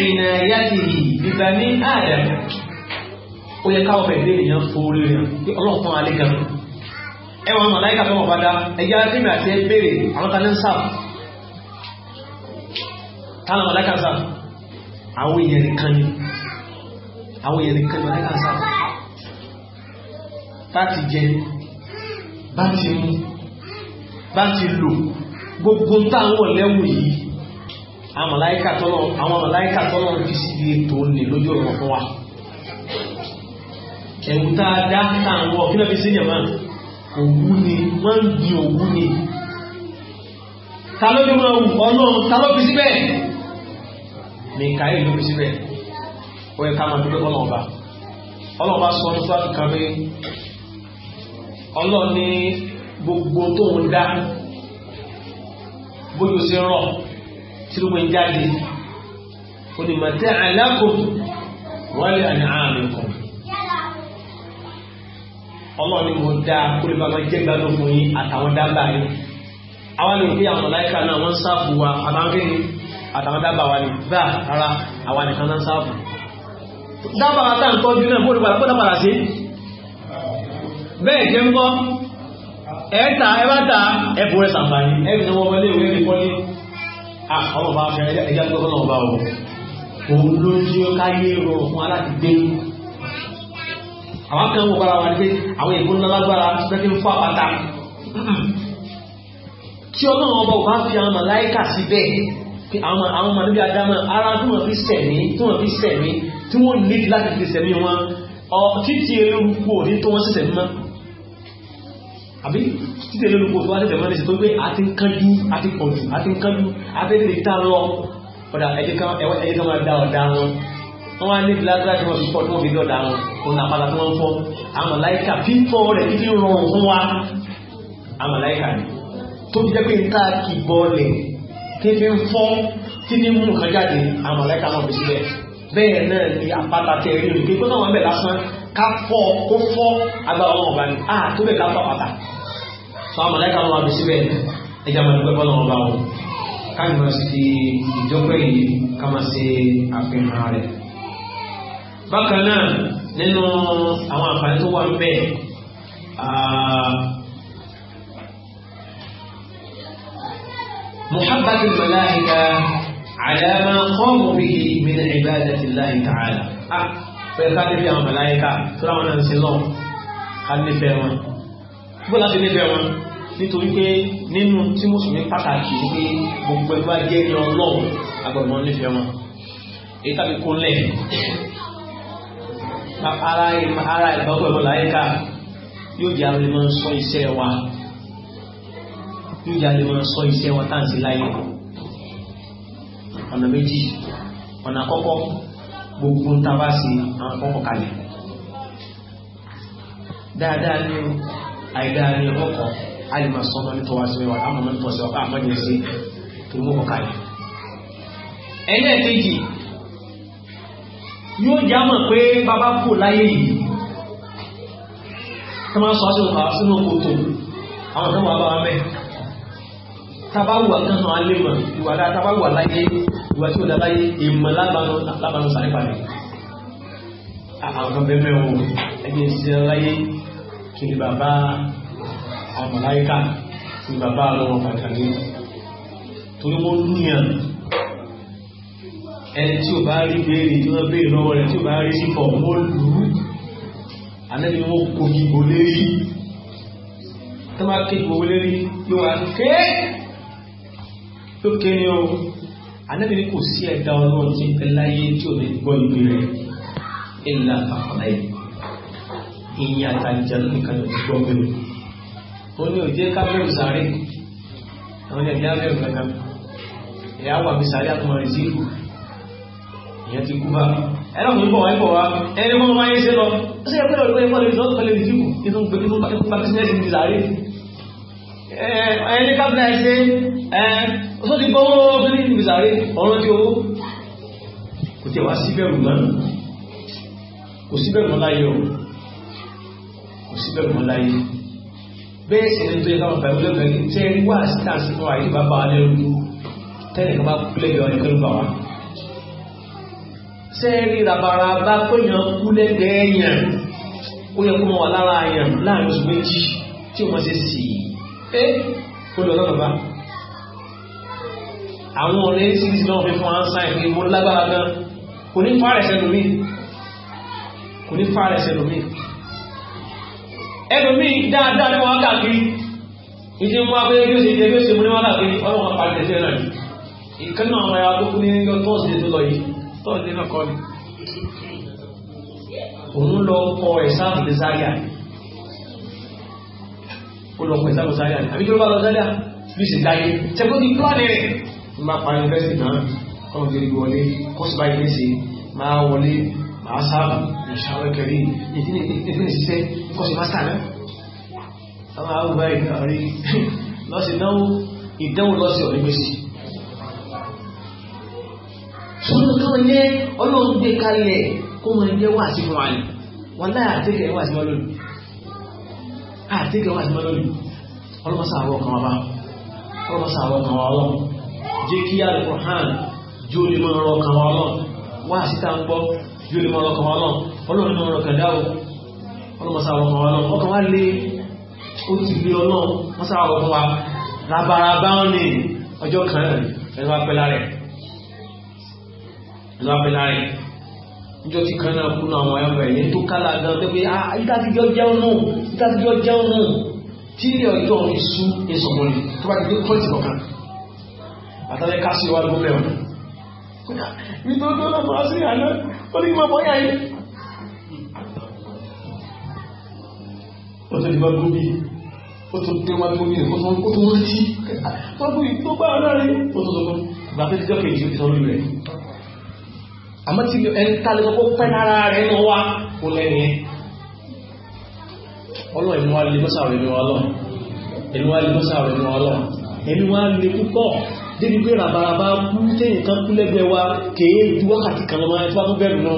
inayatihi bi bani Adam ó yẹ káwọn bẹ̀rẹ̀ ènìyàn fóorí rẹ̀ pé ọlọ́pàá alẹ́ gan ẹwà màláìka tó wọ̀ padà ẹ̀yà tí mi àti ẹ bèrè àwọn kan ní sáà táwọn màláìkà sáà àwọn èèyàn nìkan ni àwọn èèyàn nìkan ni màláìkà sáà bá ti jẹ bá ti mú bá ti lò gbogbo táwọn lẹ́wù yìí àwọn màláìkà tọ́lọ̀ àwọn màláìkà tọ́lọ̀ fi síbi ètò òní lójú ọ̀rọ̀ fún wa ẹ̀wù tá a dá táwọn ọ̀kílẹ̀ fi sí yàmá òwú ni wọ́n ń gbin òwú ni ta ló ní wọn ọlọ́run ta ló fi síbẹ̀ mìkàí ló fi síbẹ̀ ó yẹ ká máa ọba. ọlọ́ọ̀ba ọba sọ ọdún fúlàtù kan pé ọlọ́ọ̀ gbogbo tó ń dá bójú sí rọ̀ gbogbo ń jáde ó ní màtí àlákùn wálé àmì kan ọlọ́ọ̀ mo dá máa jẹ́ fún yín àtàwọn dábàá yín àwọn náà wọ́n ń sáàbù wa àtàwọn dábàá wa ni bá rárá àwa nìkan náà sáàbù dábàá wa táà ń tọ́jú náà bóòlù padà kódà padà sí bẹ́ẹ̀ jẹ́ ń kọ́ ẹ̀ẹ́ta ni wọ́n wọlé ìwé ní kọ́lé àwọn ọba ọ̀fẹ́ ẹja tó kọ́nà ọba ọ̀ òun ló ń yọ káyé rọrùn fún aláti dé àwọn kan wọ para wa fọ́ àpáta tí ọlọ́run ọba fi àwọn màláìkà síbẹ̀ pé àwọn ọmọ níbi adámọ̀ ara tí wọ́n fi sẹ̀mí tí wọ́n fi sẹ̀mí tí wọ́n nídìí láti fi sẹ̀mí wọn títí eruku òní tó wọ́n sì sẹ̀mí mọ́ àbí títí eruku tó wọ́n sì sẹ̀mí mọ́ níṣẹ́ tó gbé àti kánjú àti pọ̀jù àti kánjú àti lè ta lọ ọ̀dà ẹ̀jẹ̀ kan ẹ̀jẹ̀ kan máa da ọ̀dà wọn wọ́n wá nídìí láti láti wọ́n fi pọ̀ tí wọ́n fi dé ọ̀dà wọn òun àpàlà tí wọ́n ń fọ́ àmọ̀ láìka fífọ́ rẹ̀ fífi rọrùn fún wa àmọ̀ láìka tó fi jẹ́ pé ń ta kìbọ́ọ̀lẹ̀ tí fi ń fọ́ tí ní mú nǹkan jáde àmọ̀lẹ́ka náà fi sílẹ̀ bẹ́ẹ̀ náà ni àpáta tẹ̀ rí olùgbé pé káwọn bẹ̀ lásán ká fọ́ kó fọ́ agbára wọn ọ̀gá ni a tó bẹ̀ ká fọ́ àpáta sọ àmọ̀lẹ́ka náà fi sílẹ̀ ẹja máa dúpẹ́ bọ́ náà bá wọn káyọ̀ máa sì fi ìjọpẹ́ yìí ká máa ṣe àfihàn rẹ̀ bákan náà nínú àwọn àǹfààní tó wà ń bẹ́ẹ̀ محبة الملائكة على ما قاموا به من عبادة الله تعالى أه فيقال فيها الملائكة ترى أنا نسلون قال لي فيها بولا تلي فيها nítorí pé nínú tí mùsùlùmí pàtàkì ní pé gbogbo ẹgbẹ́ ajẹ́ ní ọlọ́run agbọ̀nmọ́ nífẹ̀ẹ́ wọn èyí tàbí kó lẹ̀ ara ìbáwọ̀ ẹ̀mọ́ láyéká yóò jẹ́ àwọn ẹ̀mọ́ sọ iṣẹ́ wa yóò já lè máa sọ iṣẹ́ wa táǹtì láyé ọ̀nà méjì ọ̀nà àkọ́kọ́ gbogbo ń ta bá sí àwọn àkọ́kọ́ kalẹ̀ dáadáa ní àìdáa ní ọkọ̀ a lè máa sọ ọmọ nítorí wá sí wa àwọn ọmọ nítorí wá àwọn ọmọdé sí tó mú ọkọ̀ kalẹ̀ ẹlẹ́ẹ̀kejì yóò já mọ̀ pé bàbá kù láyé yìí tó máa sọ sínú kòtò àwọn ọmọ bàbá wa mẹ́rin tabawa kan hàn alẹ́ mọ̀ ìwà dáa tabawa láyé ìwà tí ó dá láyé ìmọ̀ lábàánú sàrípa ni àwọn kan bẹ́ẹ̀ mẹ́wọ̀n ẹgbẹ́ ìṣẹ́ láyé kiri bàbá àmàláyíká kiri bàbá àwọn pàtàkì torí wọ́n lúyàn ẹni tí ò bá rí béèrè tí wọ́n béèrè lọ́wọ́ rẹ̀ tí ò bá rí sípọ̀ wọ́n lù ú àlẹ́bí wọ́n kò gbogbo lérí tó bá ké gbogbo lérí yóò wá ké tó kéré o anábì ní kò sí ẹ̀dá ọlọ́run tí ń pẹ́ láyé tí ò ní gbọ́ ibi rẹ̀ ìlà àkàlà yìí ìyìn àtàjà nìkan ló ti gbọ́ bẹ́ẹ̀ ó ní òjé kábẹ́rù sáré àwọn ẹ̀dá bẹ̀rù kankan ẹ̀yà wà mí sáré àtúmọ̀ rẹ̀ sí ìlú ìyẹn ti kú bá ẹ̀rọ mi bọ̀ wáyé bọ̀ wá ẹni mọ́ wáyé sí lọ ó sì yẹ pé ọ̀dọ́ ẹ̀kọ́ lè lọ́tọ̀ pẹ̀lú ìdíkù nínú gbẹ̀gbẹ̀ nípa bísíǹsì ní sáré ẹni kábẹ́rù ẹn ọ̀sọ́ ti gbọ́wọ́ fún ní ìgbìsàrí ọ̀rọ̀ tí owó kò tí wá síbẹ̀rù mọ́ kò síbẹ̀rù mọ́ láyé ọ̀ kò síbẹ̀rù mọ́ láyé bẹ́ẹ̀ sì ni tó yẹ káwọn pẹ̀lú lẹ́gbẹ̀ẹ́ tẹ́ wá sí fún àyè bàbá wa lẹ́rú tẹ́lẹ̀ kan bá kú lẹ́gbẹ̀ẹ́ wọn nìkan ló bà wá sẹ́ẹ̀rì ràbàrà bá péyàn kú lẹ́gbẹ̀ẹ́ yẹn ó yẹ kó mọ wà lára yẹn láàrin kó lọ lọ́nà bá àwọn ọ̀rẹ́ sírísì náà fi fún wa ń sáyìn pé mo lágbára gan kò ní fà rẹ̀ sẹ́nu mi kò ní fà rẹ̀ sẹ́nu mi ẹnu mi dáadáa ní wọn káàkiri ìdí mú wa pé yóò ṣe jẹ yóò ṣe mú ní wọn káàkiri ọlọ́run apá ní ẹsẹ̀ náà ìkan náà àwọn ẹ̀yà tó kú ní yọ tọ́sídẹ̀ẹ́ tó lọ yìí tọ́sídẹ̀ẹ́ náà kọ́ ni òun lọ kọ ẹ̀sáàmù ní sáyà ó lọ kọ ẹ̀sáàmù sáyà àbí kí ló bá lọ sáyà bí sì dáyé ń bá parí yunifásitì náà kọ́nà tó rí wọlé kó sì báyìí léṣe máa wọlé máa sáàbù ìṣàwọn kẹrí ìdílé ṣiṣẹ́ kó sì máa sàrẹ́ àwọn àwọn báyìí náà rí lọ́sẹ̀ náà ìdánwò lọ́sẹ̀ ọ̀rẹ́ gbèsè ṣùgbọ́n tó lé ọlọ́run gbé kalẹ̀ kó mọ ẹgbẹ́ wà sí wọn àlè wọn láyà àtẹ́kẹ̀ wà sí wọn lónìí àtẹ́kẹ̀ wà sí wọn lónìí ọlọ́mọsà àwọn kan wà bá ọlọ́mọsà àwọn kan wà ọlọ́run jẹ́ kí alukur'an jó lè máa rọ kàn wá lọ wá síta ń gbọ́ jó lè máa rọ kàn wá lọ ọlọ́run máa rọ kàn dá o ọlọ́run máa rọ kàn wá lọ ọkàn wá lé ó ti lé ọlọ́run wọ́n sábà wọ̀ fún wa rabaraba ń ní ọjọ́ kan ẹni wá pẹ́ lára ẹ̀ ẹni wá pẹ́ lára ẹ̀ níjọ́ tí kan náà kú náà ilé ah, ọjọ́ ìṣú ìṣọ̀mọ́lẹ̀ tó bá ti dé kọ́ọ̀tì kọ̀ọ̀kan àtàlẹ́ káṣí wà ló bẹ̀rù nítorí tó lọ́pọ̀ sí àná ó ní mọ̀ bọ́yá yìí ó tó dìbọn tó bí ó tó dé wọn tó ní ẹ̀kọ́ tó kó tó wọ́n sí tó bí tó bá ọ̀rẹ́ rẹ̀ ó tó tó gbà pé jíjọ́ kejì ó ti sọ́rí rẹ̀ àmọ́ tí ẹni tá lè kọ́kọ́ ọlọ́ ìmú lè mọ́sàrò ìmú wa lọ lè púpọ̀ débi pé ràbàràbà kú tẹ́yìn kan kú lẹ́gbẹ̀ẹ́ wa kèé ju wákàtí kan lọ́mọ ẹ̀fọ́ tó bẹ̀rù náà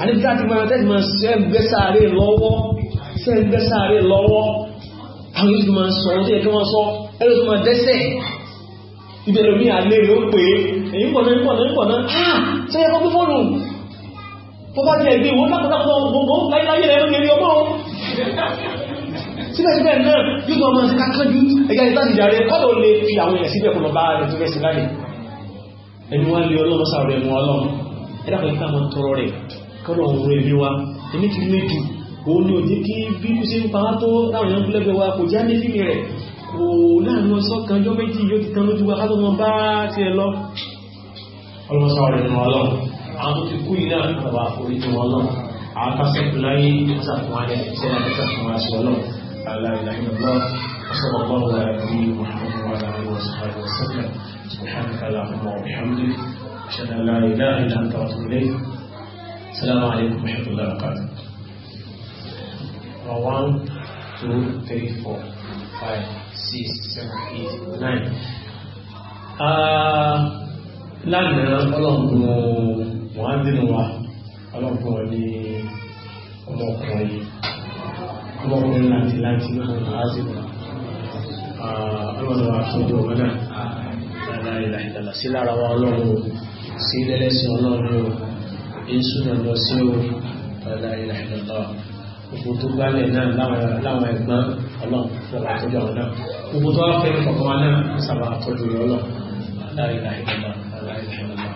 àníbíkà ti máa tẹ́sí máa sẹ́gbẹ́sàárè lọ́wọ́ sẹ́gbẹ́sàárè lọ́wọ́ àwọn yóò máa sọ ọ́n tó yẹ kí wọ́n sọ ẹ̀rọ tó máa dẹ́sẹ̀ ìbẹ̀rẹ̀ mi àlẹ́ rẹ̀ ó pè é èyí pọ̀ náà pọ̀ náà pọ̀ náà á ah, sẹ́yẹ kọ́ fífọ́nù tó bá jẹ́ ìgbé ìwọ́n lápapọ̀ síbẹ̀síbẹ̀ náà yóò tó ọmọ síká kánjú ẹgbẹ́ ìtàdìjà rẹ kọ́lọ̀ lè fi àwọn èèyàn síbẹ̀ kọlọ̀ bá rẹ̀ tó fẹ́ sí láyé ẹni wọ́n lè ọlọ́run sàrẹ̀ ẹ̀mọ́ ọlọ́run ẹ̀dàpẹ̀ ká mọ́ tọrọ rẹ̀ kọ́lọ̀ ohun ẹ̀mí wa èmi ti lè jù òun ni ò ní kí bí kú sí ń pa tó láwọn èèyàn gbẹ́gbẹ́ wa kò já nílì rẹ̀ kò láàrin ọsọ́ kan jọ méjì yóò ti kan lójú wa kátó wọn bá ti ẹ lọ ọlọ́run sàrẹ̀ ẹ̀mọ́ ọlọ́run àwọn tó ti kú yìí náà bàbá àforíjì wọn ọlọ́run láyé ìtàkùn wa ìṣẹ́lẹ̀ ìtàkùn wa ọlọ́run على لا إله إلا الله وصلى الله على نبينا محمد وعلى آله وصحبه وسلم سبحانك اللهم وبحمدك أشهد أن لا إله إلا أنت وأتوب إليك السلام عليكم ورحمة الله وبركاته 1 2 3 4 5 6 7 8 9 lánàá ọlọ́gbọ̀n wọ́n á dínú wa ọlọ́gbọ̀n ní ọmọkùnrin ọmọkùnrin láti láti àásìkò ọlọ́run àtọ́jú ọmọ náà lára ìlà ìdàlà sí lára wa ọlọ́run sí lẹ́lẹ́sìn ọlọ́run èésù náà lọ sí o lára ìlà ìdàlà gbogbo tó gbálẹ̀ náà láwọn ẹ̀gbọ́n ọlọ́run lọ́wọ́ àtọ́jú ọmọ náà gbogbo tó wá fẹ́ kọ̀ọ̀kan wa náà sábà àtọ́jú ọlọ́run lára ìlà ìdàlà lára ìlà ìdàlà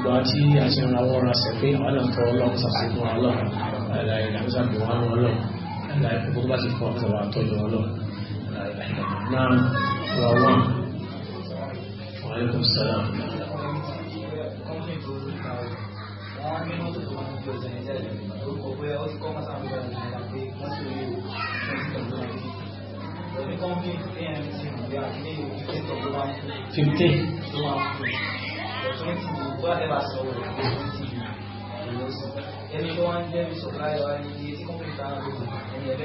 gbogbo àti àti ìrànwọ́ ra sẹ́fẹ́ gbogbo tó bá ti fọ́ ọ̀sẹ̀ wà tọ́jú wọn lọ náà wà wọ́n wàlẹ́kùn sálà. Fifteen. Ẹni tó wá ń jẹ́ bí sọ̀rọ̀ láyọ̀ wá ní iye tí kọ́mpútà ń lò tó bá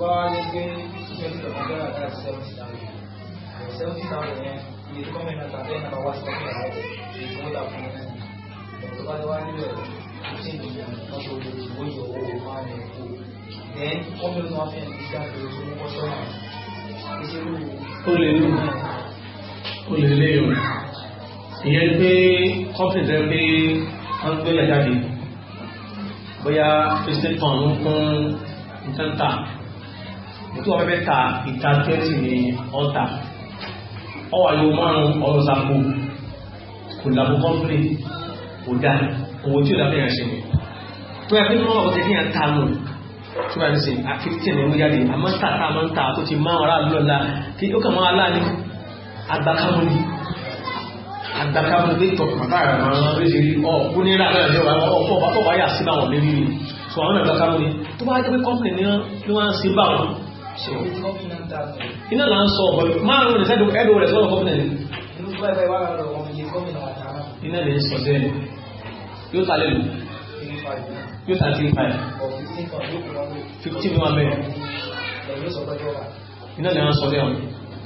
wá ní gbé twenty of hundred and thirty seventy thousand seventy thousand yẹn iye tó kọ́mẹ́nà tàbí ẹ̀ náà wá sí ọ̀gbìn àwọn ìṣòwò tà fún ẹ̀ tó bá wá nílẹ̀ fifteen million lọ́sọ̀ olùdókòwò yọ owó máa ní ẹ̀kọ́ then kọ́mẹ́nà wọn fi ẹ̀ ní sáà tó ń kọ́ sọ́nà ìṣèlú. ó lè lù ó lè lé yòó ìyẹn ni pé kọ́pì tẹ́ pé wọ́n gbélé jáde bóyá fẹsẹ̀ tán ló kún nǹkan tà nítorí wọ́n fẹ́ ta ìta twenty ní ọ̀tà ọwà yóò márùn ọ̀rọ̀ sàpò kò làbò kọ́pì kò dá owó tí ó dábẹ́ yẹn ṣe mi tó kí wọ́n wọ́n ti yàn ta nù tí wọ́n ti sè àfitì ní wíyá di àmọ́ tàtà àmọ́ tà tó ti máa ọ̀rá àlọ́ kí ó kà máa láàánú agbákámúlì agbákámúlì tó bàbá rẹ̀ máa ń rí rí ọ̀kú ní ìlànà ìjọba ọ̀pọ̀ bàbá wáyà sí báwọn lérí ni so àwọn agbákámúlì tó bá jẹ́ pé kọ́mpìnì ni wọ́n ń sí báwọn so iná là ń sọ ọ̀pọ̀ máa ń rìn sẹ́dù ẹ̀dù rẹ̀ sọ́dọ̀ kọ́mpìnì iná lè sọ bẹ́ẹ̀ yóò ta lẹ́nu yóò ta three five fifteen ní wọn bẹ́ẹ̀ iná lè sọ bẹ́ẹ̀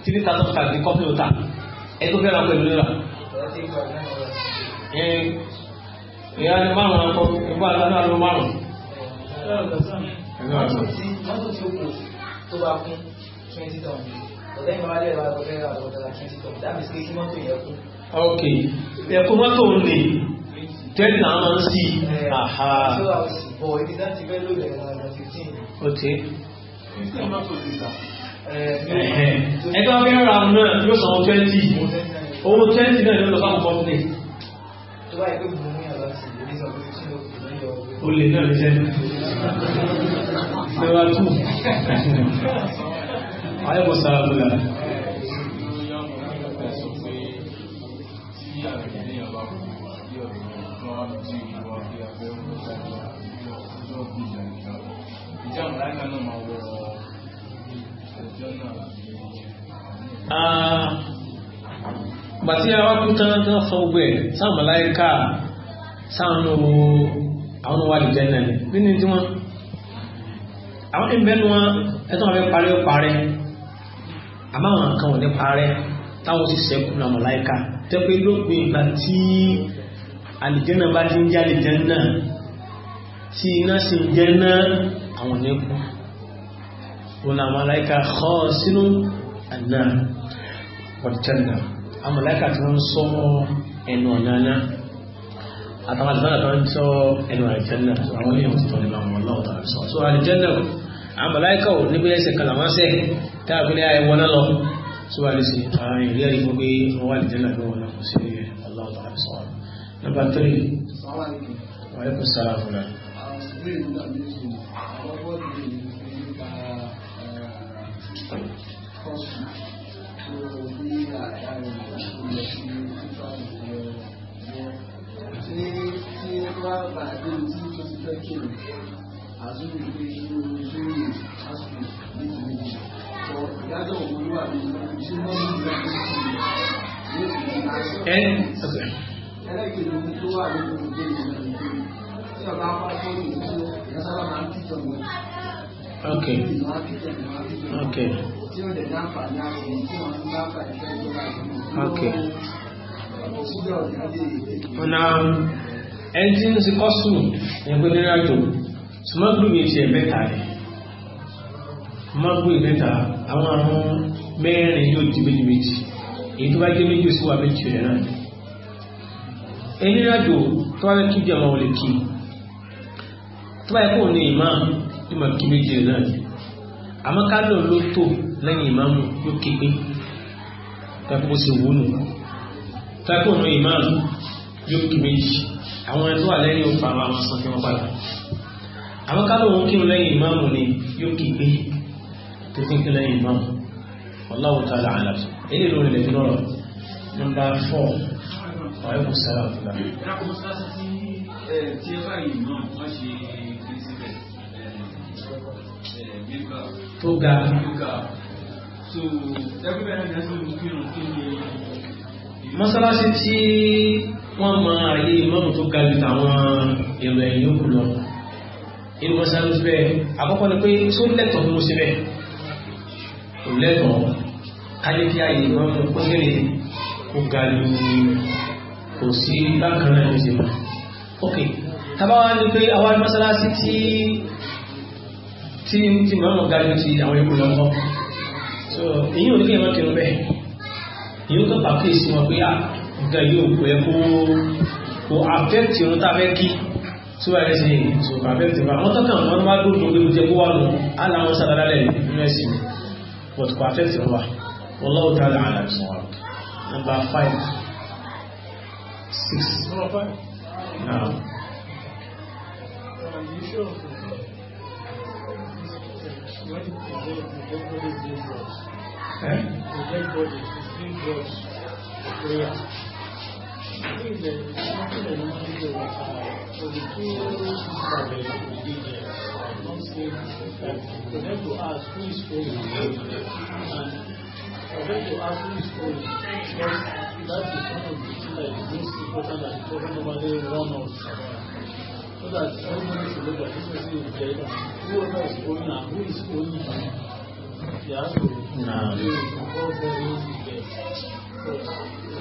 three thousand five ní kọ́pì ọ̀tà ẹ tó fẹ́ràn pẹ̀lú náírà. ìyá ni márùn án kọ ìgbà àtàlà ló márùn. mọ́tò tí ó kù tó bá kún twenty ton ọ̀dẹ́ ìmọ̀ alẹ́ ìwà àgbẹ̀ rà ọ̀dọ̀ twenty ton dábìí sí kí mọ́tò yẹ kú. ok ẹ̀kọ́ mọ́tò ń lè tẹ́lẹ̀ náà máa ń sí àhá. ọ̀tí. fifteen mọ́tò lè gbà ẹgbẹ́ ọgbẹ́ ra náà yóò san twenty owó twenty náà ló lọ bá nǹkan fún mi. tó bá yẹ pé mo ní ọ̀la sí ilé ìsọ̀rọ̀ tó ti lọ kù lọ́yọ̀ ọ̀gbẹ́. olè náà lè jẹ́ náírà tù. ayọ̀kọ̀ sára ló la. Ìjà ọ̀la kan náà máa wọ bàtí àwọn akúntàn náà fọ gbogbo ẹ̀ sáwọn màláíkà sáwọn àwọn wà lìjẹ́ náà ni nínú tí wọ́n àwọn ìbẹ́nu wọn ẹ̀tọ́ wọn fẹ́ parí ó parí àmọ́ àwọn kan ò ní parí táwọn sì sẹ́kù náà màláíkà tẹ́pẹ́ lópin ìgbà tí àlìjẹ́ náà bá ti ń jẹ́ àlìjẹ́ náà tí iná sì ń jẹ́ náà àwọn ní kú òun náà màláìka kọ́ sínú àná ọ̀tẹ́nà àwọn màláìka tí wọ́n ń sọ ẹnu ọ̀nà náà àtàwọn àtàwọn àtàwọn ń sọ ẹnu àìjẹ́nà àwọn ilé ìwòsàn nínú àwọn ọlọ́wọ́ tàbí sọ so àìjẹ́nà àwọn màláìka ò níbi ẹsẹ̀ kàlàmásẹ̀ táàbílẹ̀ àìwọ́n náà lọ so àìsí àwọn ìrírí ẹ̀rí fún pé wọ́n wà àìjẹ́nà ló wọn kò sí ọlọ́wọ́ tàbí sọ. Number three. Wa alaikum salaam. ẹni Okay. Okay. Okay. Ọ̀nà ẹni tí ń ṣe kọ́sùn ẹgbẹ́ nínú ti ẹ̀ mẹ́ta rẹ̀. Smuggling mẹ́ta, àwọn àwọn yóò di méjì Èyí tó bá jẹ́ méjì sí wa méjì náà. Ẹni tó tí màá kí méjì náà ni àmọ́ kálọ̀ ló tò lẹ́yìn ìmáàmù yóò ké pé tàbí bó ṣe wúnù tàbí ọ̀nà ìmáàmù yóò kí méjì àwọn ẹni tó wà lẹ́yìn òfà àwọn àwọn sọ kí wọ́n padà àwọn kálọ̀ òun kírun lẹ́yìn ìmáàmù ni yóò kí pé tó fi ń kí lẹ́yìn ìmáàmù wallahu ta'ala alam èyí lórí ilẹ̀ fún ọ̀rọ̀ nọ́mbà fọ́ wàá kò sára fún wa tó ga mọ́sálásí tí wọ́n ma àyè ìmáàmù tó ga jù tàwọn èrò ẹ̀yìn òkú lọ inú mọ́sálásí bẹ́ẹ̀ àkọ́kọ́ ni pé tó lẹ́tọ̀ọ́ fún mọ́sí bẹ́ẹ̀ kò lẹ́tọ̀ọ́ káyé kí àyè ìmáàmù kó kéré kó ga jù kò sí bákan náà ní ìsìnkú ok tábà wá ní pé àwọn mọ́sálásí tí tí tí mọ́ ọ̀gá ju ti àwọn ẹ̀kọ́ lọ kọ́ so èyí ò ní kí ẹ má kí wọn bẹ́ẹ̀ èyí ó kọ́ pàkíyèsí wọn pé ọ̀gá yóò kó kó kó affect irun tá a fẹ́ kí tí wọ́n ẹ̀rẹ́ sí ní so kó affect irun àwọn tọ́kàn wọn máa dùn fún gbogbo jẹ́ kó wà nù á láwọn sàdára lẹ̀ nínú ẹ̀sìn mi but kó affect irun wa wallahu ta'ala a'lam number five six number five now. Sure. When you convey, you take only three drugs. Eh? You take only three drugs for prayer. This is something that normally they will have. So the two sisters will be there. I'm not saying that for them to ask who is praying and for them to ask who is praying because that is one of the things that is most important that the Prophet normally warned us about so that when he is later, this person is dead. Whoever is going and who is going him, he has to do it.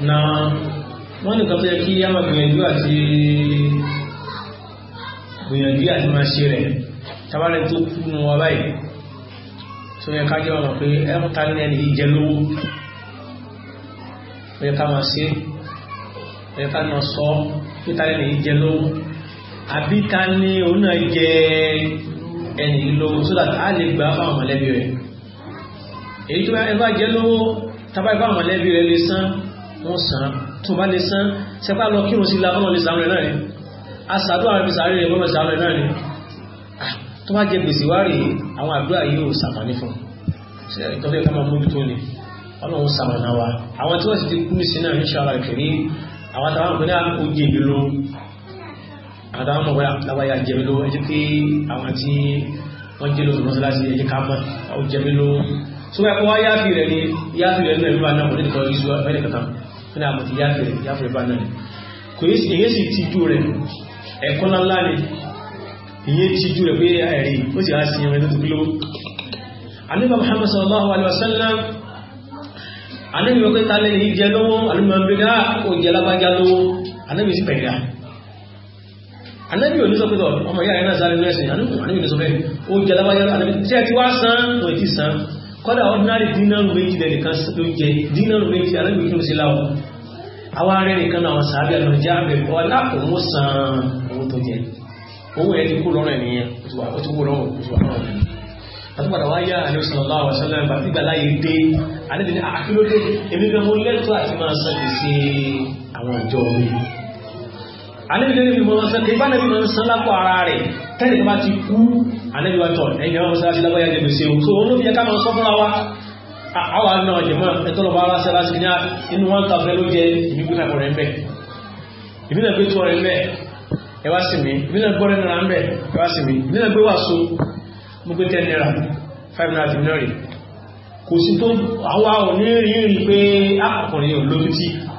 Na wọ́n nìkan tó yẹ kí á máa gbìyànjú àti gbìyànjú àti máa ṣe rẹ̀ tabalẹ̀ tó kú nu wa báyìí tó yẹ ká jẹ́ pé ẹ̀mọ́ta ní ẹni ìjẹ lówó ó máa ṣe ó máa sọ pé ta ìjẹ lówó àbí ká ní òun náà jẹ ẹnì lówó so that a lè gbà fáwọn mọ̀lẹ́bí rẹ̀ èyí tó ẹ bá jẹ lówó tábà ìbá mọ̀lẹ́bí rẹ̀ lè san wọ́n san tó bá lè san sẹ́pà lọ kírun sí lábọ́n lè sàárẹ̀ náà ni asàdúrà rẹ̀ fi sàárẹ̀ rẹ̀ bọ́n sàárẹ̀ náà ni tó bá jẹ gbèsè wá rèé àwọn àdúrà yìí ò sàfàní fún ṣe ìtọ́jú ẹ̀ká máa mójútó ni ọlọ́run sàmọ̀nà wa àwọn tí wọ́n sì ti kú sí náà ń ṣe ara ìkẹ̀rí àwọn àtàwọn ọmọ lábáyà jẹmi ló ẹjẹ kí àwọn tí wọn jẹ lóṣù mọ́sálásí ẹjẹ ká mọ àwọn jẹmi ló tó bá kọ wá yáàfì rẹ ni yáàfì rẹ nínú ẹgbẹ́ náà kò ní nìkan yíṣu ẹni kankan nínú àmọ́ ti yáàfì rẹ yáàfì rẹ bá náà ni kò yé èyí sì ti ju rẹ ẹ̀kọ́ ńláńlá ni ìyẹn ti ju rẹ pé ẹ̀rí ó sì á sin ẹni tó tó lówó. àníbà Muhammad sallallahu alayhi wa sallam àníbà pé ta lẹ́yìn jẹ lọ́wọ́ àníbà ń bẹ anábì ò ní sọ pẹ́tọ̀ ọmọ ìyá ẹ̀nà sáré lẹ́sìn anábì ní sọ pé ó jẹ lábáyára anábì tí a ti wá san wọ́n ti san kọ́dà ordinary dinner méjì lẹ́nì kan ló jẹ dínàrù méjì anábì kí n sí láwọ àwọn arẹ nìkan náà wọn sàábì àná jẹ àbẹ ọlá òun san owó tó jẹ owó ẹ ti kú lọ́rùn ẹ̀nìyàn ó ti kú lọ́rùn ó ti wà lọ́rùn ẹ̀nìyàn àtúbàdà alẹ́bìlẹ́rì mi mọ́ sán kẹfà nẹ́bí mọ́ sán lápò ara rẹ̀ tẹ́lẹ̀ bá ti kú alẹ́bìwá tọ̀ ẹ̀yìn ẹ̀wọ̀n sán láti lábọ́yá o so olóbi ẹ̀ká máa sọ fúnra wa àwa náà jẹ̀mọ́ ẹ̀tọ́ lọ́ba ara sẹ́lá sí ní inú wọn ta fẹ́ ló jẹ ìbígbóná kọ̀rẹ́ ń bẹ̀ ìbínà gbé tó ọrẹ́ five naira fifty naira kò sí tó àwa ò ní rí ah,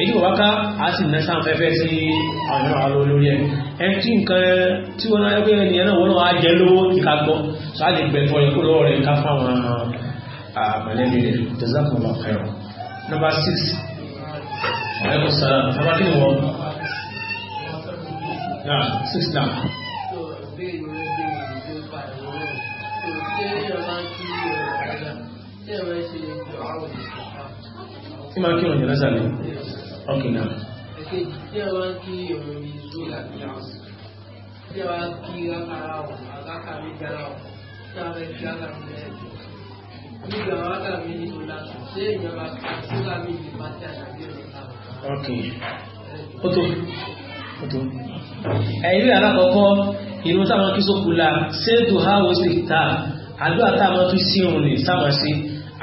èyí wọ́n ká a sì ná sáfẹ́fẹ́ sí àwọn ọ̀rọ̀ olórí ẹ̀ ẹ tí nǹkan tí wọ́n náà gbé ẹnìyàn náà wọ́n náà á jẹ lówó kíkà gbọ́ sọ á lè gbẹ̀fọ́ yẹ kó lọ́wọ́ rẹ̀ ká fáwọn àmọ̀lẹ́bí rẹ̀ jẹ́sàkùn lọ fẹ́ràn. nọ́mbà six ọ̀rẹ́kùn sára nọ́mbà kí ni wọ́n náà six náà. Ìmọ̀ kí wọ́n yẹn lọ́sàn-án ok na. ẹsẹ̀ tí a máa ń kí ọ̀rọ̀ mi zoro àti àwọn tí a máa ń kí rákàrà ọ̀ àkàkà mi dára ọ̀ tí a máa ń kí rákàrà mi lẹ́yìn tó. nígbà rákàrà mi ní ìlú láti ṣé ìjọba sókà mi lè máa tẹ̀ àbí ọ̀rọ̀ náà. ok ó tó ó tó. ẹ̀yin ìlú alákọ̀ọ́kọ́ ìrún táwọn kí sókùlà ṣé dùhà ó sì ta àdúrà táwọn fi sí òun ní sáwọn sí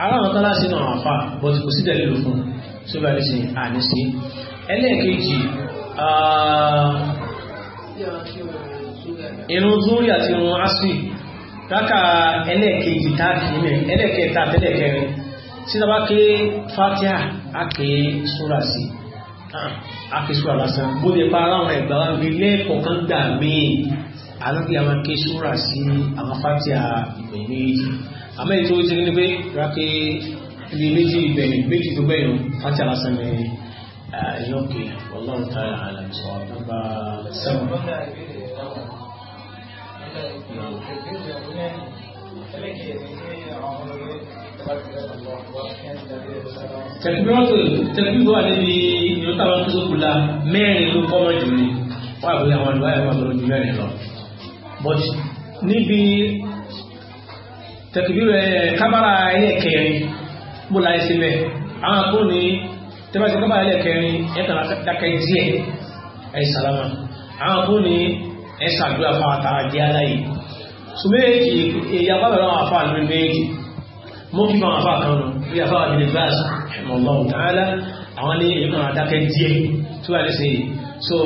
aláwọn kan láti nà àfà bọ́t kò sí tẹ̀lé fún un tí ó bá ní sí àní sí ẹlẹ́ẹ̀kejì irun zúrí àti irun asri rákà ẹlẹ́ẹ̀kejì táàkì mẹ́ ẹlẹ́ẹ̀kẹta àtẹ́lẹ̀kẹrin tí a bá ké fatiha a ké súra sí a ké lásán bó lè pa ara àwọn ẹ̀gbà wọn ilé kọ̀ọ̀kan gbà míì alábi àwọn ké súra sí àwọn fatiha ìgbẹ̀yìn méjì àmọ́ tó ti rí ni pé rákè ibi méjì ìgbẹ̀yìn méjì tó gbẹ̀yìn láti alásán ní ìyọ́kè ọlọ́run ta àlàmùsọ̀ nọ́mbà sẹ́wọ̀n. tẹ̀lifíwọ́tò tẹ̀lifíwọ́ àdébí ìyọ́tà wọn tó sókùlá mẹ́rin ló kọ́ mọ́ jù ní wọ́n àbúrò àwọn àdúrà ẹ̀wọ̀n tó lójú mẹ́rin lọ. but níbi tẹ̀lifíwọ́ kábàrà ẹ̀yẹ kẹrin bó la ẹsẹ̀ lẹ̀ àwọn àkúrò ní tẹ́bàtì kọ́bà ilẹ̀ kẹrin ẹ̀kàn dákẹ́ díẹ̀ ẹ̀ sàlámà àwọn àkúrò ní ẹ̀ sàdúrà fún àtàrà jẹ́ aláyè so méjì èyí apá bẹ̀rẹ̀ àwọn afá àlùmí méjì mú kí àwọn afá kan nù bí afá àbílẹ̀ báàs ọlọ́run tààlà àwọn ní ẹ̀kàn dákẹ́ díẹ̀ tó wà lẹ́sẹ̀ so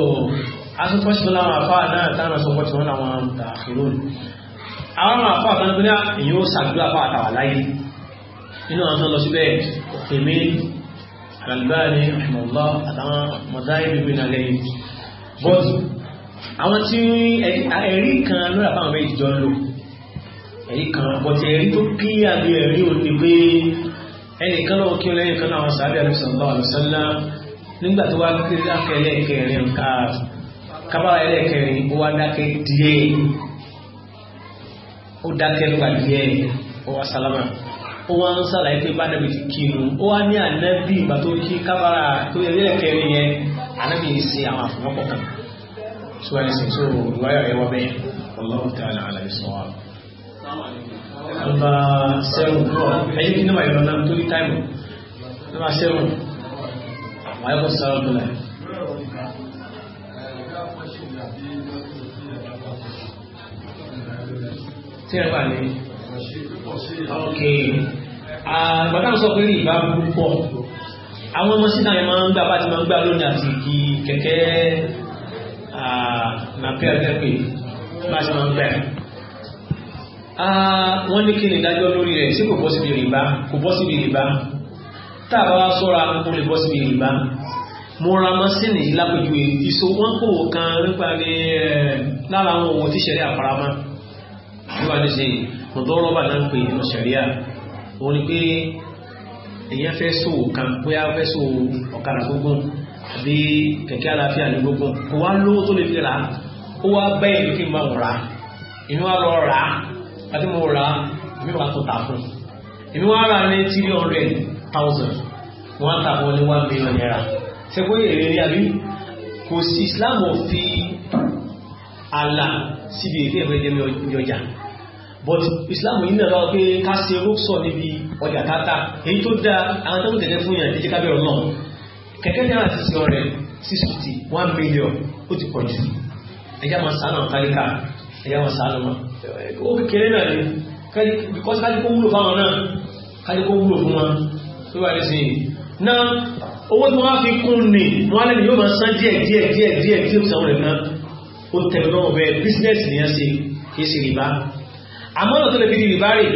asopọ̀ sí láwọn afá náà táwọn sọpọ̀ tí wọ́n láwọn àkìrò àwọn afá kan ní èyí ó sàdúrà fún àtàrà láyé nínú àwọn tó lọ síbẹ̀ tèmi Al-Albani rahimahullah àtàwọn mọ̀dáyé bíbí náà lẹ́yìn but àwọn tí ẹ̀rí kan lórí àbáwọn méjì jọ ń lò ẹ̀rí kan but ẹ̀rí tó kí àbí ẹ̀rí ò ní pé ẹnìkan lọ́wọ́ kí lẹ́yìn kan àwọn sàábì àlùsànlọ́ àlùsànlá nígbà tó wá kí lákẹ́ ẹlẹ́ẹ̀kẹrin ká kábàrà ẹlẹ́ẹ̀kẹrin ó wá dákẹ́ díẹ̀ ó dákẹ́ lọ́gbà díẹ̀ ó wá sálámà ó wá ń sàlàyé pé bá nàbì ti kinu ó wá ní ànábì ìgbà tó kí kábàrà tó yẹ lẹ́yìn kẹrin yẹn ànábì yìí ṣe àwọn àfọwọ́pọ̀ kan tí wọ́n ṣe tó ìwáyà rẹ̀ wọ́n bẹ́ẹ̀ ọlọ́run tí a àlàyé sọ wa. nàmbà sẹ́wọ̀n kúrọ̀ ẹ̀yìn kí nàmbà ìlọ́nà tó ní táìmù nàmbà sẹ́wọ̀n àwọn ẹ̀kọ́ sọ̀rọ̀ bọ̀lá. tí ẹ bá ní ok àgbàdo àwọn sọ pé rí ìbá púpọ̀ àwọn ọmọ sínú àwọn máa ń gbà bá ti máa ń gbà lónìí àti igi kẹ̀kẹ́ nàpẹ́ àtẹ́pẹ́ bá ti máa ń gbà wọ́n ní kí ni ìdájọ́ lórí rẹ̀ sí kò bọ́ síbi rìbá kò bọ́ síbi rìbá tá a bá sọ́ra kò lè bọ́ síbi rìbá mo ra mọ́sínì yìí lápèjúwe ìṣó wọ́n kò kan nípa ní lára àwọn ohun tíṣẹ̀lẹ̀ àfaramọ́ nípa ní ṣe mọ̀dọ́rọ́bà náà ń pè nínú ṣẹ̀ríà òun ni pé èèyàn fẹ́ sòwò kan bóyá fẹ́ sòwò ọ̀kadà gbógun àbí kẹ̀kẹ́ aláfíà ní gbógun kò wá lówó tó lè fi rà ó wá bẹ́ẹ̀ ní kí n máa rà inú wa lọ rà á àti mo rà á mi wàá tó tà fún inú wa rà ní three hundred thousand wọ́n á tà fún ní one million naira ṣe èrè ni àbí kò sí Islam ò fi àlà síbi èké ìfẹ́ jẹ́ mi ọjà but islam yìí náà lọ́wọ́ pé ká ṣe rúkṣọ̀ níbi ọjà tata èyí tó dáa àwọn tó ń tẹ̀lé fún yàn ìdíjẹ́ kábẹ̀rẹ̀ náà kẹ̀kẹ́ náírà ti ṣe ọrẹ six fifty one million ó ti pọ̀ jù ẹ̀yà máa sàánà kálíkà ẹ̀yà máa sàánà ma ó kékeré náà ni because kájíkó wúlò fáwọn náà kájíkó wúlò fún wọn tó wà lẹ́sìn náà owó tí wọ́n á fi kún ni wọ́n á lẹ́nu yóò máa san díẹ̀ díẹ̀ díẹ̀ díẹ̀ díẹ̀ tí àwọn rẹ̀ náà ó tẹ̀lé náà bẹ́ẹ̀ business nìyẹn ṣe kì í ṣe rìbá àmọ́nà tó lè fi di rìbárì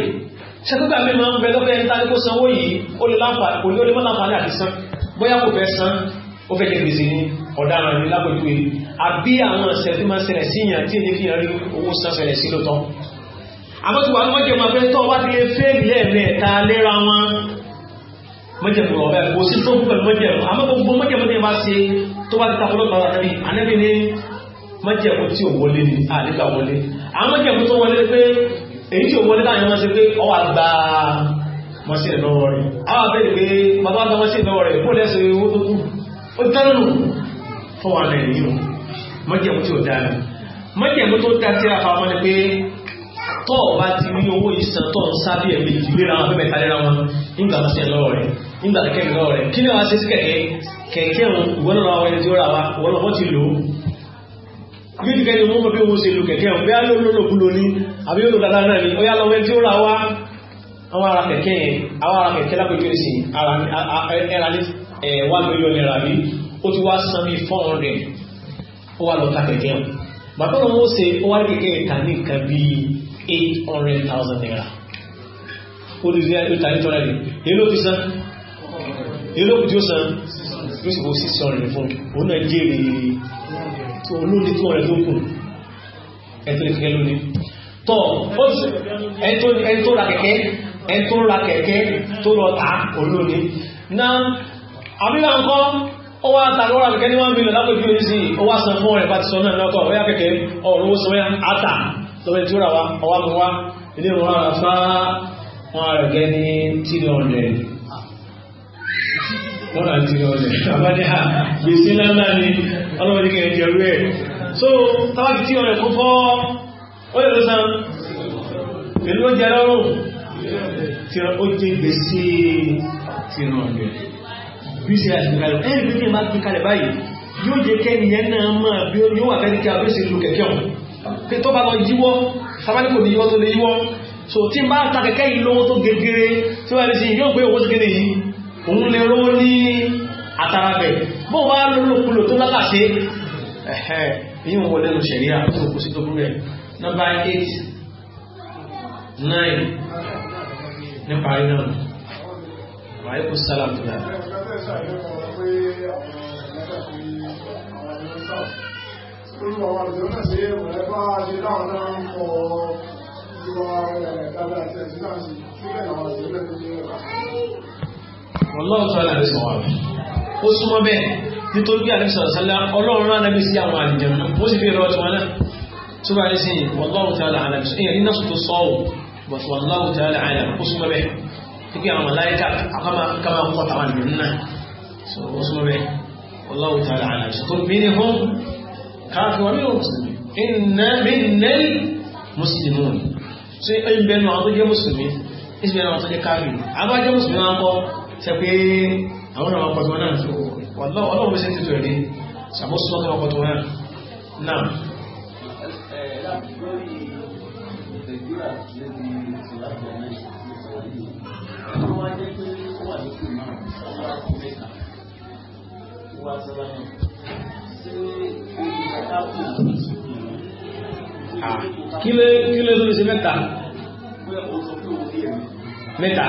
ṣẹ́kúgbà mi máa ń bẹ lọ́fẹ́ ń tání kó sanwó yìí ó lè mọ́ láǹfààní àti san bóyá kò fẹ́ san ó fẹ́ jẹ gbèsè ní ọ̀daràn ní lápẹ̀júwe àbí àwọn ọ̀sẹ̀ tí máa ṣẹlẹ̀ síyàn tí èyí fi hàn rí owó san ṣẹlẹ̀ sí lótọ́ àmọ́ tí wàá mọ́jẹ̀ máa fẹ́ tọ́ wá ti lè fẹ́ lẹ́ẹ̀mẹ́ta ta ọlọ́pàá àtàrí ànẹ́bí ní mọ́jẹ̀ mọ́ àwọn mọ́jẹ̀ tó wọlé pé èyí tí òwò nígbà yẹn wọ́n ṣe pé ọwà gba mọ́sílẹ̀ lọ́wọ́ rẹ̀ àwọn abẹ́rẹ̀ pé bàbá gba mọ́sílẹ̀ lọ́wọ́ rẹ̀ kó lẹ́sẹ̀ owó tó kù ó tẹ́lẹ̀nù fún wa lẹ́yìn yìí mọ́jẹ̀mú tí ó dá ní mọ́jẹ̀mú tó dá ni pé tọ́ ọba ti rí owó ìsàn tọ́ ń sábì ẹ̀mí ìlera wọn fẹ́mẹ̀ta lera wọn nígbà mọ́sílẹ̀ lọ́wọ́ rẹ̀ nígbà kẹ́kẹ́ lọ́wọ́ rẹ̀ kí ni wọ́n ṣe bí ìdíkẹ́ ni wọ́n mọ̀ bí wọ́n ṣe lò kẹ̀kẹ́ ọ̀bẹ́ alólòlòkú lóní àbí yóò lò dáadáa náà ni ó yá lọ́wọ́ tí ó ra wá àwọn ara kẹ̀kẹ́ yẹn àwọn ara kẹ̀kẹ́ lápẹjú ìsìn ẹ̀rà ní ẹ̀wà mílíọ̀nù ẹ̀rà bí ó ti wá san bí four hundred ó wá lọ ta kẹ̀kẹ́ ọ̀ bàbá òun ó ṣe ó wá ní kẹ̀kẹ́ ìta ní nǹkan bí eight hundred thousand naira ó ní ìta ní tọ́lá ni èló ti san èló kù tí ó san yóò sì kó six hundred fún òun náà jèrè tó olóòlé tí wọ́n rẹ̀ lókùn ẹ̀tọ́ lè kẹ́kẹ́ lónìí tọ́ ẹni tó ra kẹ̀kẹ́ ẹni tó ra kẹ̀kẹ́ tó lọ ta olóòlé na àbílà ńkọ́ ó wá ta lọ́ra kẹ̀kẹ́ ní wọ́n mílíọ̀n lápẹ́jú èyí sí ó wá san fún ọ̀rẹ́ bá ti sọ náà lọ́kọ̀ ọ̀rẹ́ ọ̀rọ̀ owó sanwó ata lọ́wọ́ tí ó rà wá ọwá mú wá ilé ìwọ̀n rà fáá wọn rẹ̀ gẹ́ ní tílíọ̀nù mọ́ra ti ọlẹ̀ àbádẹ́hà gbèsè ńláńlá ni ọlọ́wọ́ ní kẹrẹ jẹrú ẹ̀ so tàbí tí ọ̀rẹ́ kún fọ́ ó lè lọ sàn pẹ̀lú ó jẹ lọ́rùn tí ó jẹ gbèsè ti ràn rẹ̀ bí ṣe àṣìkalẹ̀ ẹ̀rì bí máa fi kalẹ̀ báyìí yóò jẹ kẹ́ni yẹn náà máa bí ó yóò wà fẹ́ kí a bí ṣe lu kẹ̀kẹ́ ọ̀hún pé tó bá so tí n bá ta kẹ̀kẹ́ yìí lówó tó gegere tí wọ́n òun lè rówó ní àtàràbẹ̀ bó wá lólòkulò tó lálàṣe ẹ̀hẹ́ yíò wọlé lọ ṣẹ̀ríà tó kò sí tó burú ẹ̀ 8 9 nípa iná wàíkú sálàm tó dáa Olúwa wa ọlọ́ọ̀tọ́lá rẹ̀ sọ̀rọ̀ ó súnmọ́ bẹ́ẹ̀ nítorí bí àlẹ́sọ̀ sálá ọlọ́run rán anábì sí àwọn àlìjẹun ó sì fi rọ ọtí wọn náà tó bá rí sí ọlọ́run tí a lànà sí èyàn nínú sọ̀tọ̀ sọ́ọ̀ bọ̀tù ọlọ́run tí a lànà ó súnmọ́ bẹ́ẹ̀ nígbà àwọn màláíkà àkàmà kàmà kọ́ tàwọn àlìjẹun náà ó súnmọ́ bẹ́ẹ̀ ọlọ́run tí a lànà sí tó bí ní hún káàkiri wọn nínú iná mi nẹ́lì mùsùlùmí tó ń bẹnu àwọn tó jẹ́ mùsùlùmí ṣe pé àwọn ọmọ ọkọ̀ tó náà tó ọlọ́run ṣe ti tó ẹ̀rí ṣàmúsọ ọmọ ọkọ̀ tó náà náà ah, Kí lé lórí sí mẹ́ta? Mẹ́ta.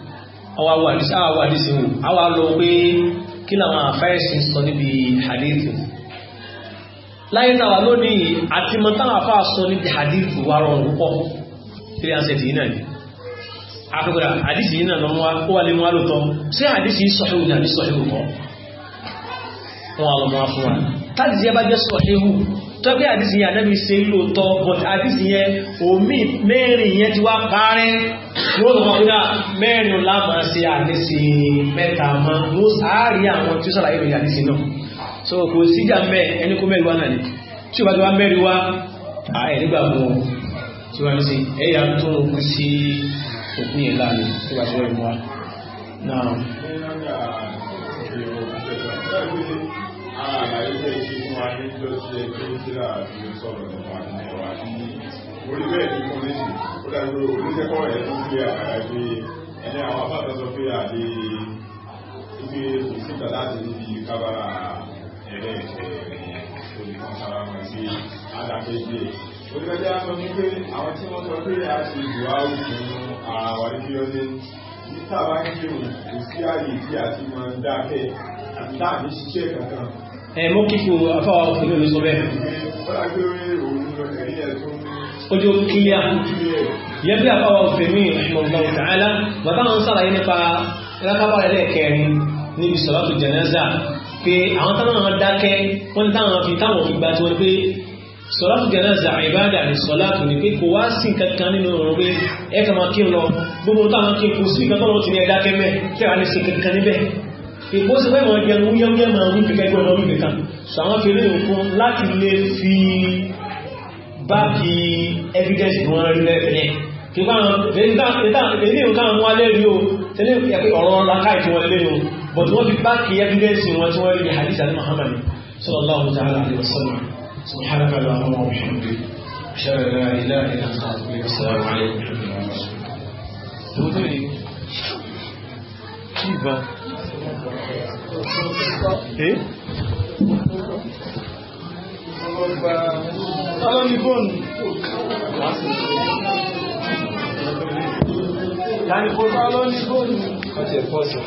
àwa wà ní sáà wà nísìn wò àwa lọ pé kí làwọn àfẹ́sì sọ níbi hadithu láyé táwa lónìí àti mọ táwọn afá sọ níbi hadithu wa rọrùn púpọ̀ three hundred yìí náà ni àfikúra hadithu yìí náà lọ wá ó wà lé wọn lóòótọ́ ṣé hadithu yìí sọ̀hìn ní àbí sọ̀hìn kọ́ wọn àwọn ọmọ fún wa táàdì yẹn bá jẹ́ sọ̀hìn tọ́gbé àdísì yẹn ànábì ṣe lóòótọ́ but àdísì yẹn omi mẹ́rin yẹn ti wá parẹ́ wọ́n lọ́wọ́ pé mẹ́rin lámà ṣe àdísì mẹ́ta mọ́ wọ́n sáàrí àwọn tí ó sàlàyé lórí àdísì náà so kò síjà mẹ́ ẹni kó mẹ́rin wá náà ni tí ó bá ti wá mẹ́rin wá ààrẹ nígbà mọ́ tí wọ́n ti ẹ̀yà tó ń kú sí òpin ìlà ni tí wọ́n ti wọ́n mú wa ara àlàyé tẹ́ ṣe fún wa ní tó ṣe tó síra àti sọ̀rọ̀ nípa nípa wa ní orí bẹ́ẹ̀ ní kan ní ó dájú oníṣẹ́kọ́ rẹ̀ tó fi àkàrà pé ẹni àwọn afáàtà sọ pé àlè ibi kò síta láti níbi kábàrà ẹ̀rẹ́ olùkọ́sára wọn sí adákẹ́gbẹ́ onígbẹ́jẹ́ sọ ní pé àwọn tí wọ́n sọ pé a ṣe ìwà òfin àwárí bí ọdún títà bá ń kírun kò sí àyè tí a ti máa ń dákẹ́ láàbí ṣiṣẹ́ kankan. ẹ mú kíkó afáwà òkèlè ló sọ bẹ́ẹ̀. ojú kílíà yẹbi afáwà òfèmí ọgbọn ìtàlá bàbá wọn sàlàyé nípa rákábà rẹ lẹ́ẹ̀kẹrin níbi sọlátù jẹnẹsà pé àwọn táwọn dákẹ́ wọn táwọn fi táwọn fi gba tí wọn pé sọlátù jẹnẹsà ìbáàdà ní sọlátù ní pé kò wá sí kankan nínú ọ̀rọ̀ pé ẹ kà máa kí n lọ gbogbo táwọn kí n kò sí kankan lọ ti ní ẹ ìpó sí pé wọ́n jẹun wúyẹ́wúyẹ́ máa ń fi kẹ́gbẹ́ ọmọ ìgbẹ̀ta sàwọn fèrè òkun láti lè fi báàkì evidence ni wọ́n rí lẹ́fẹ̀ẹ́ kí bá ilé ìwọ̀n mú alẹ́ rí o tẹ́lẹ̀ ẹ̀pẹ́ ọ̀rọ̀ lakáì tí wọ́n lẹ́nu but wọ́n fi báàkì evidence wọn tí Ọlọ́ni fóònù. Ìyáni fóònù. Ọlọ́ni fóònù. Ọjọ́ ìfọ́sù.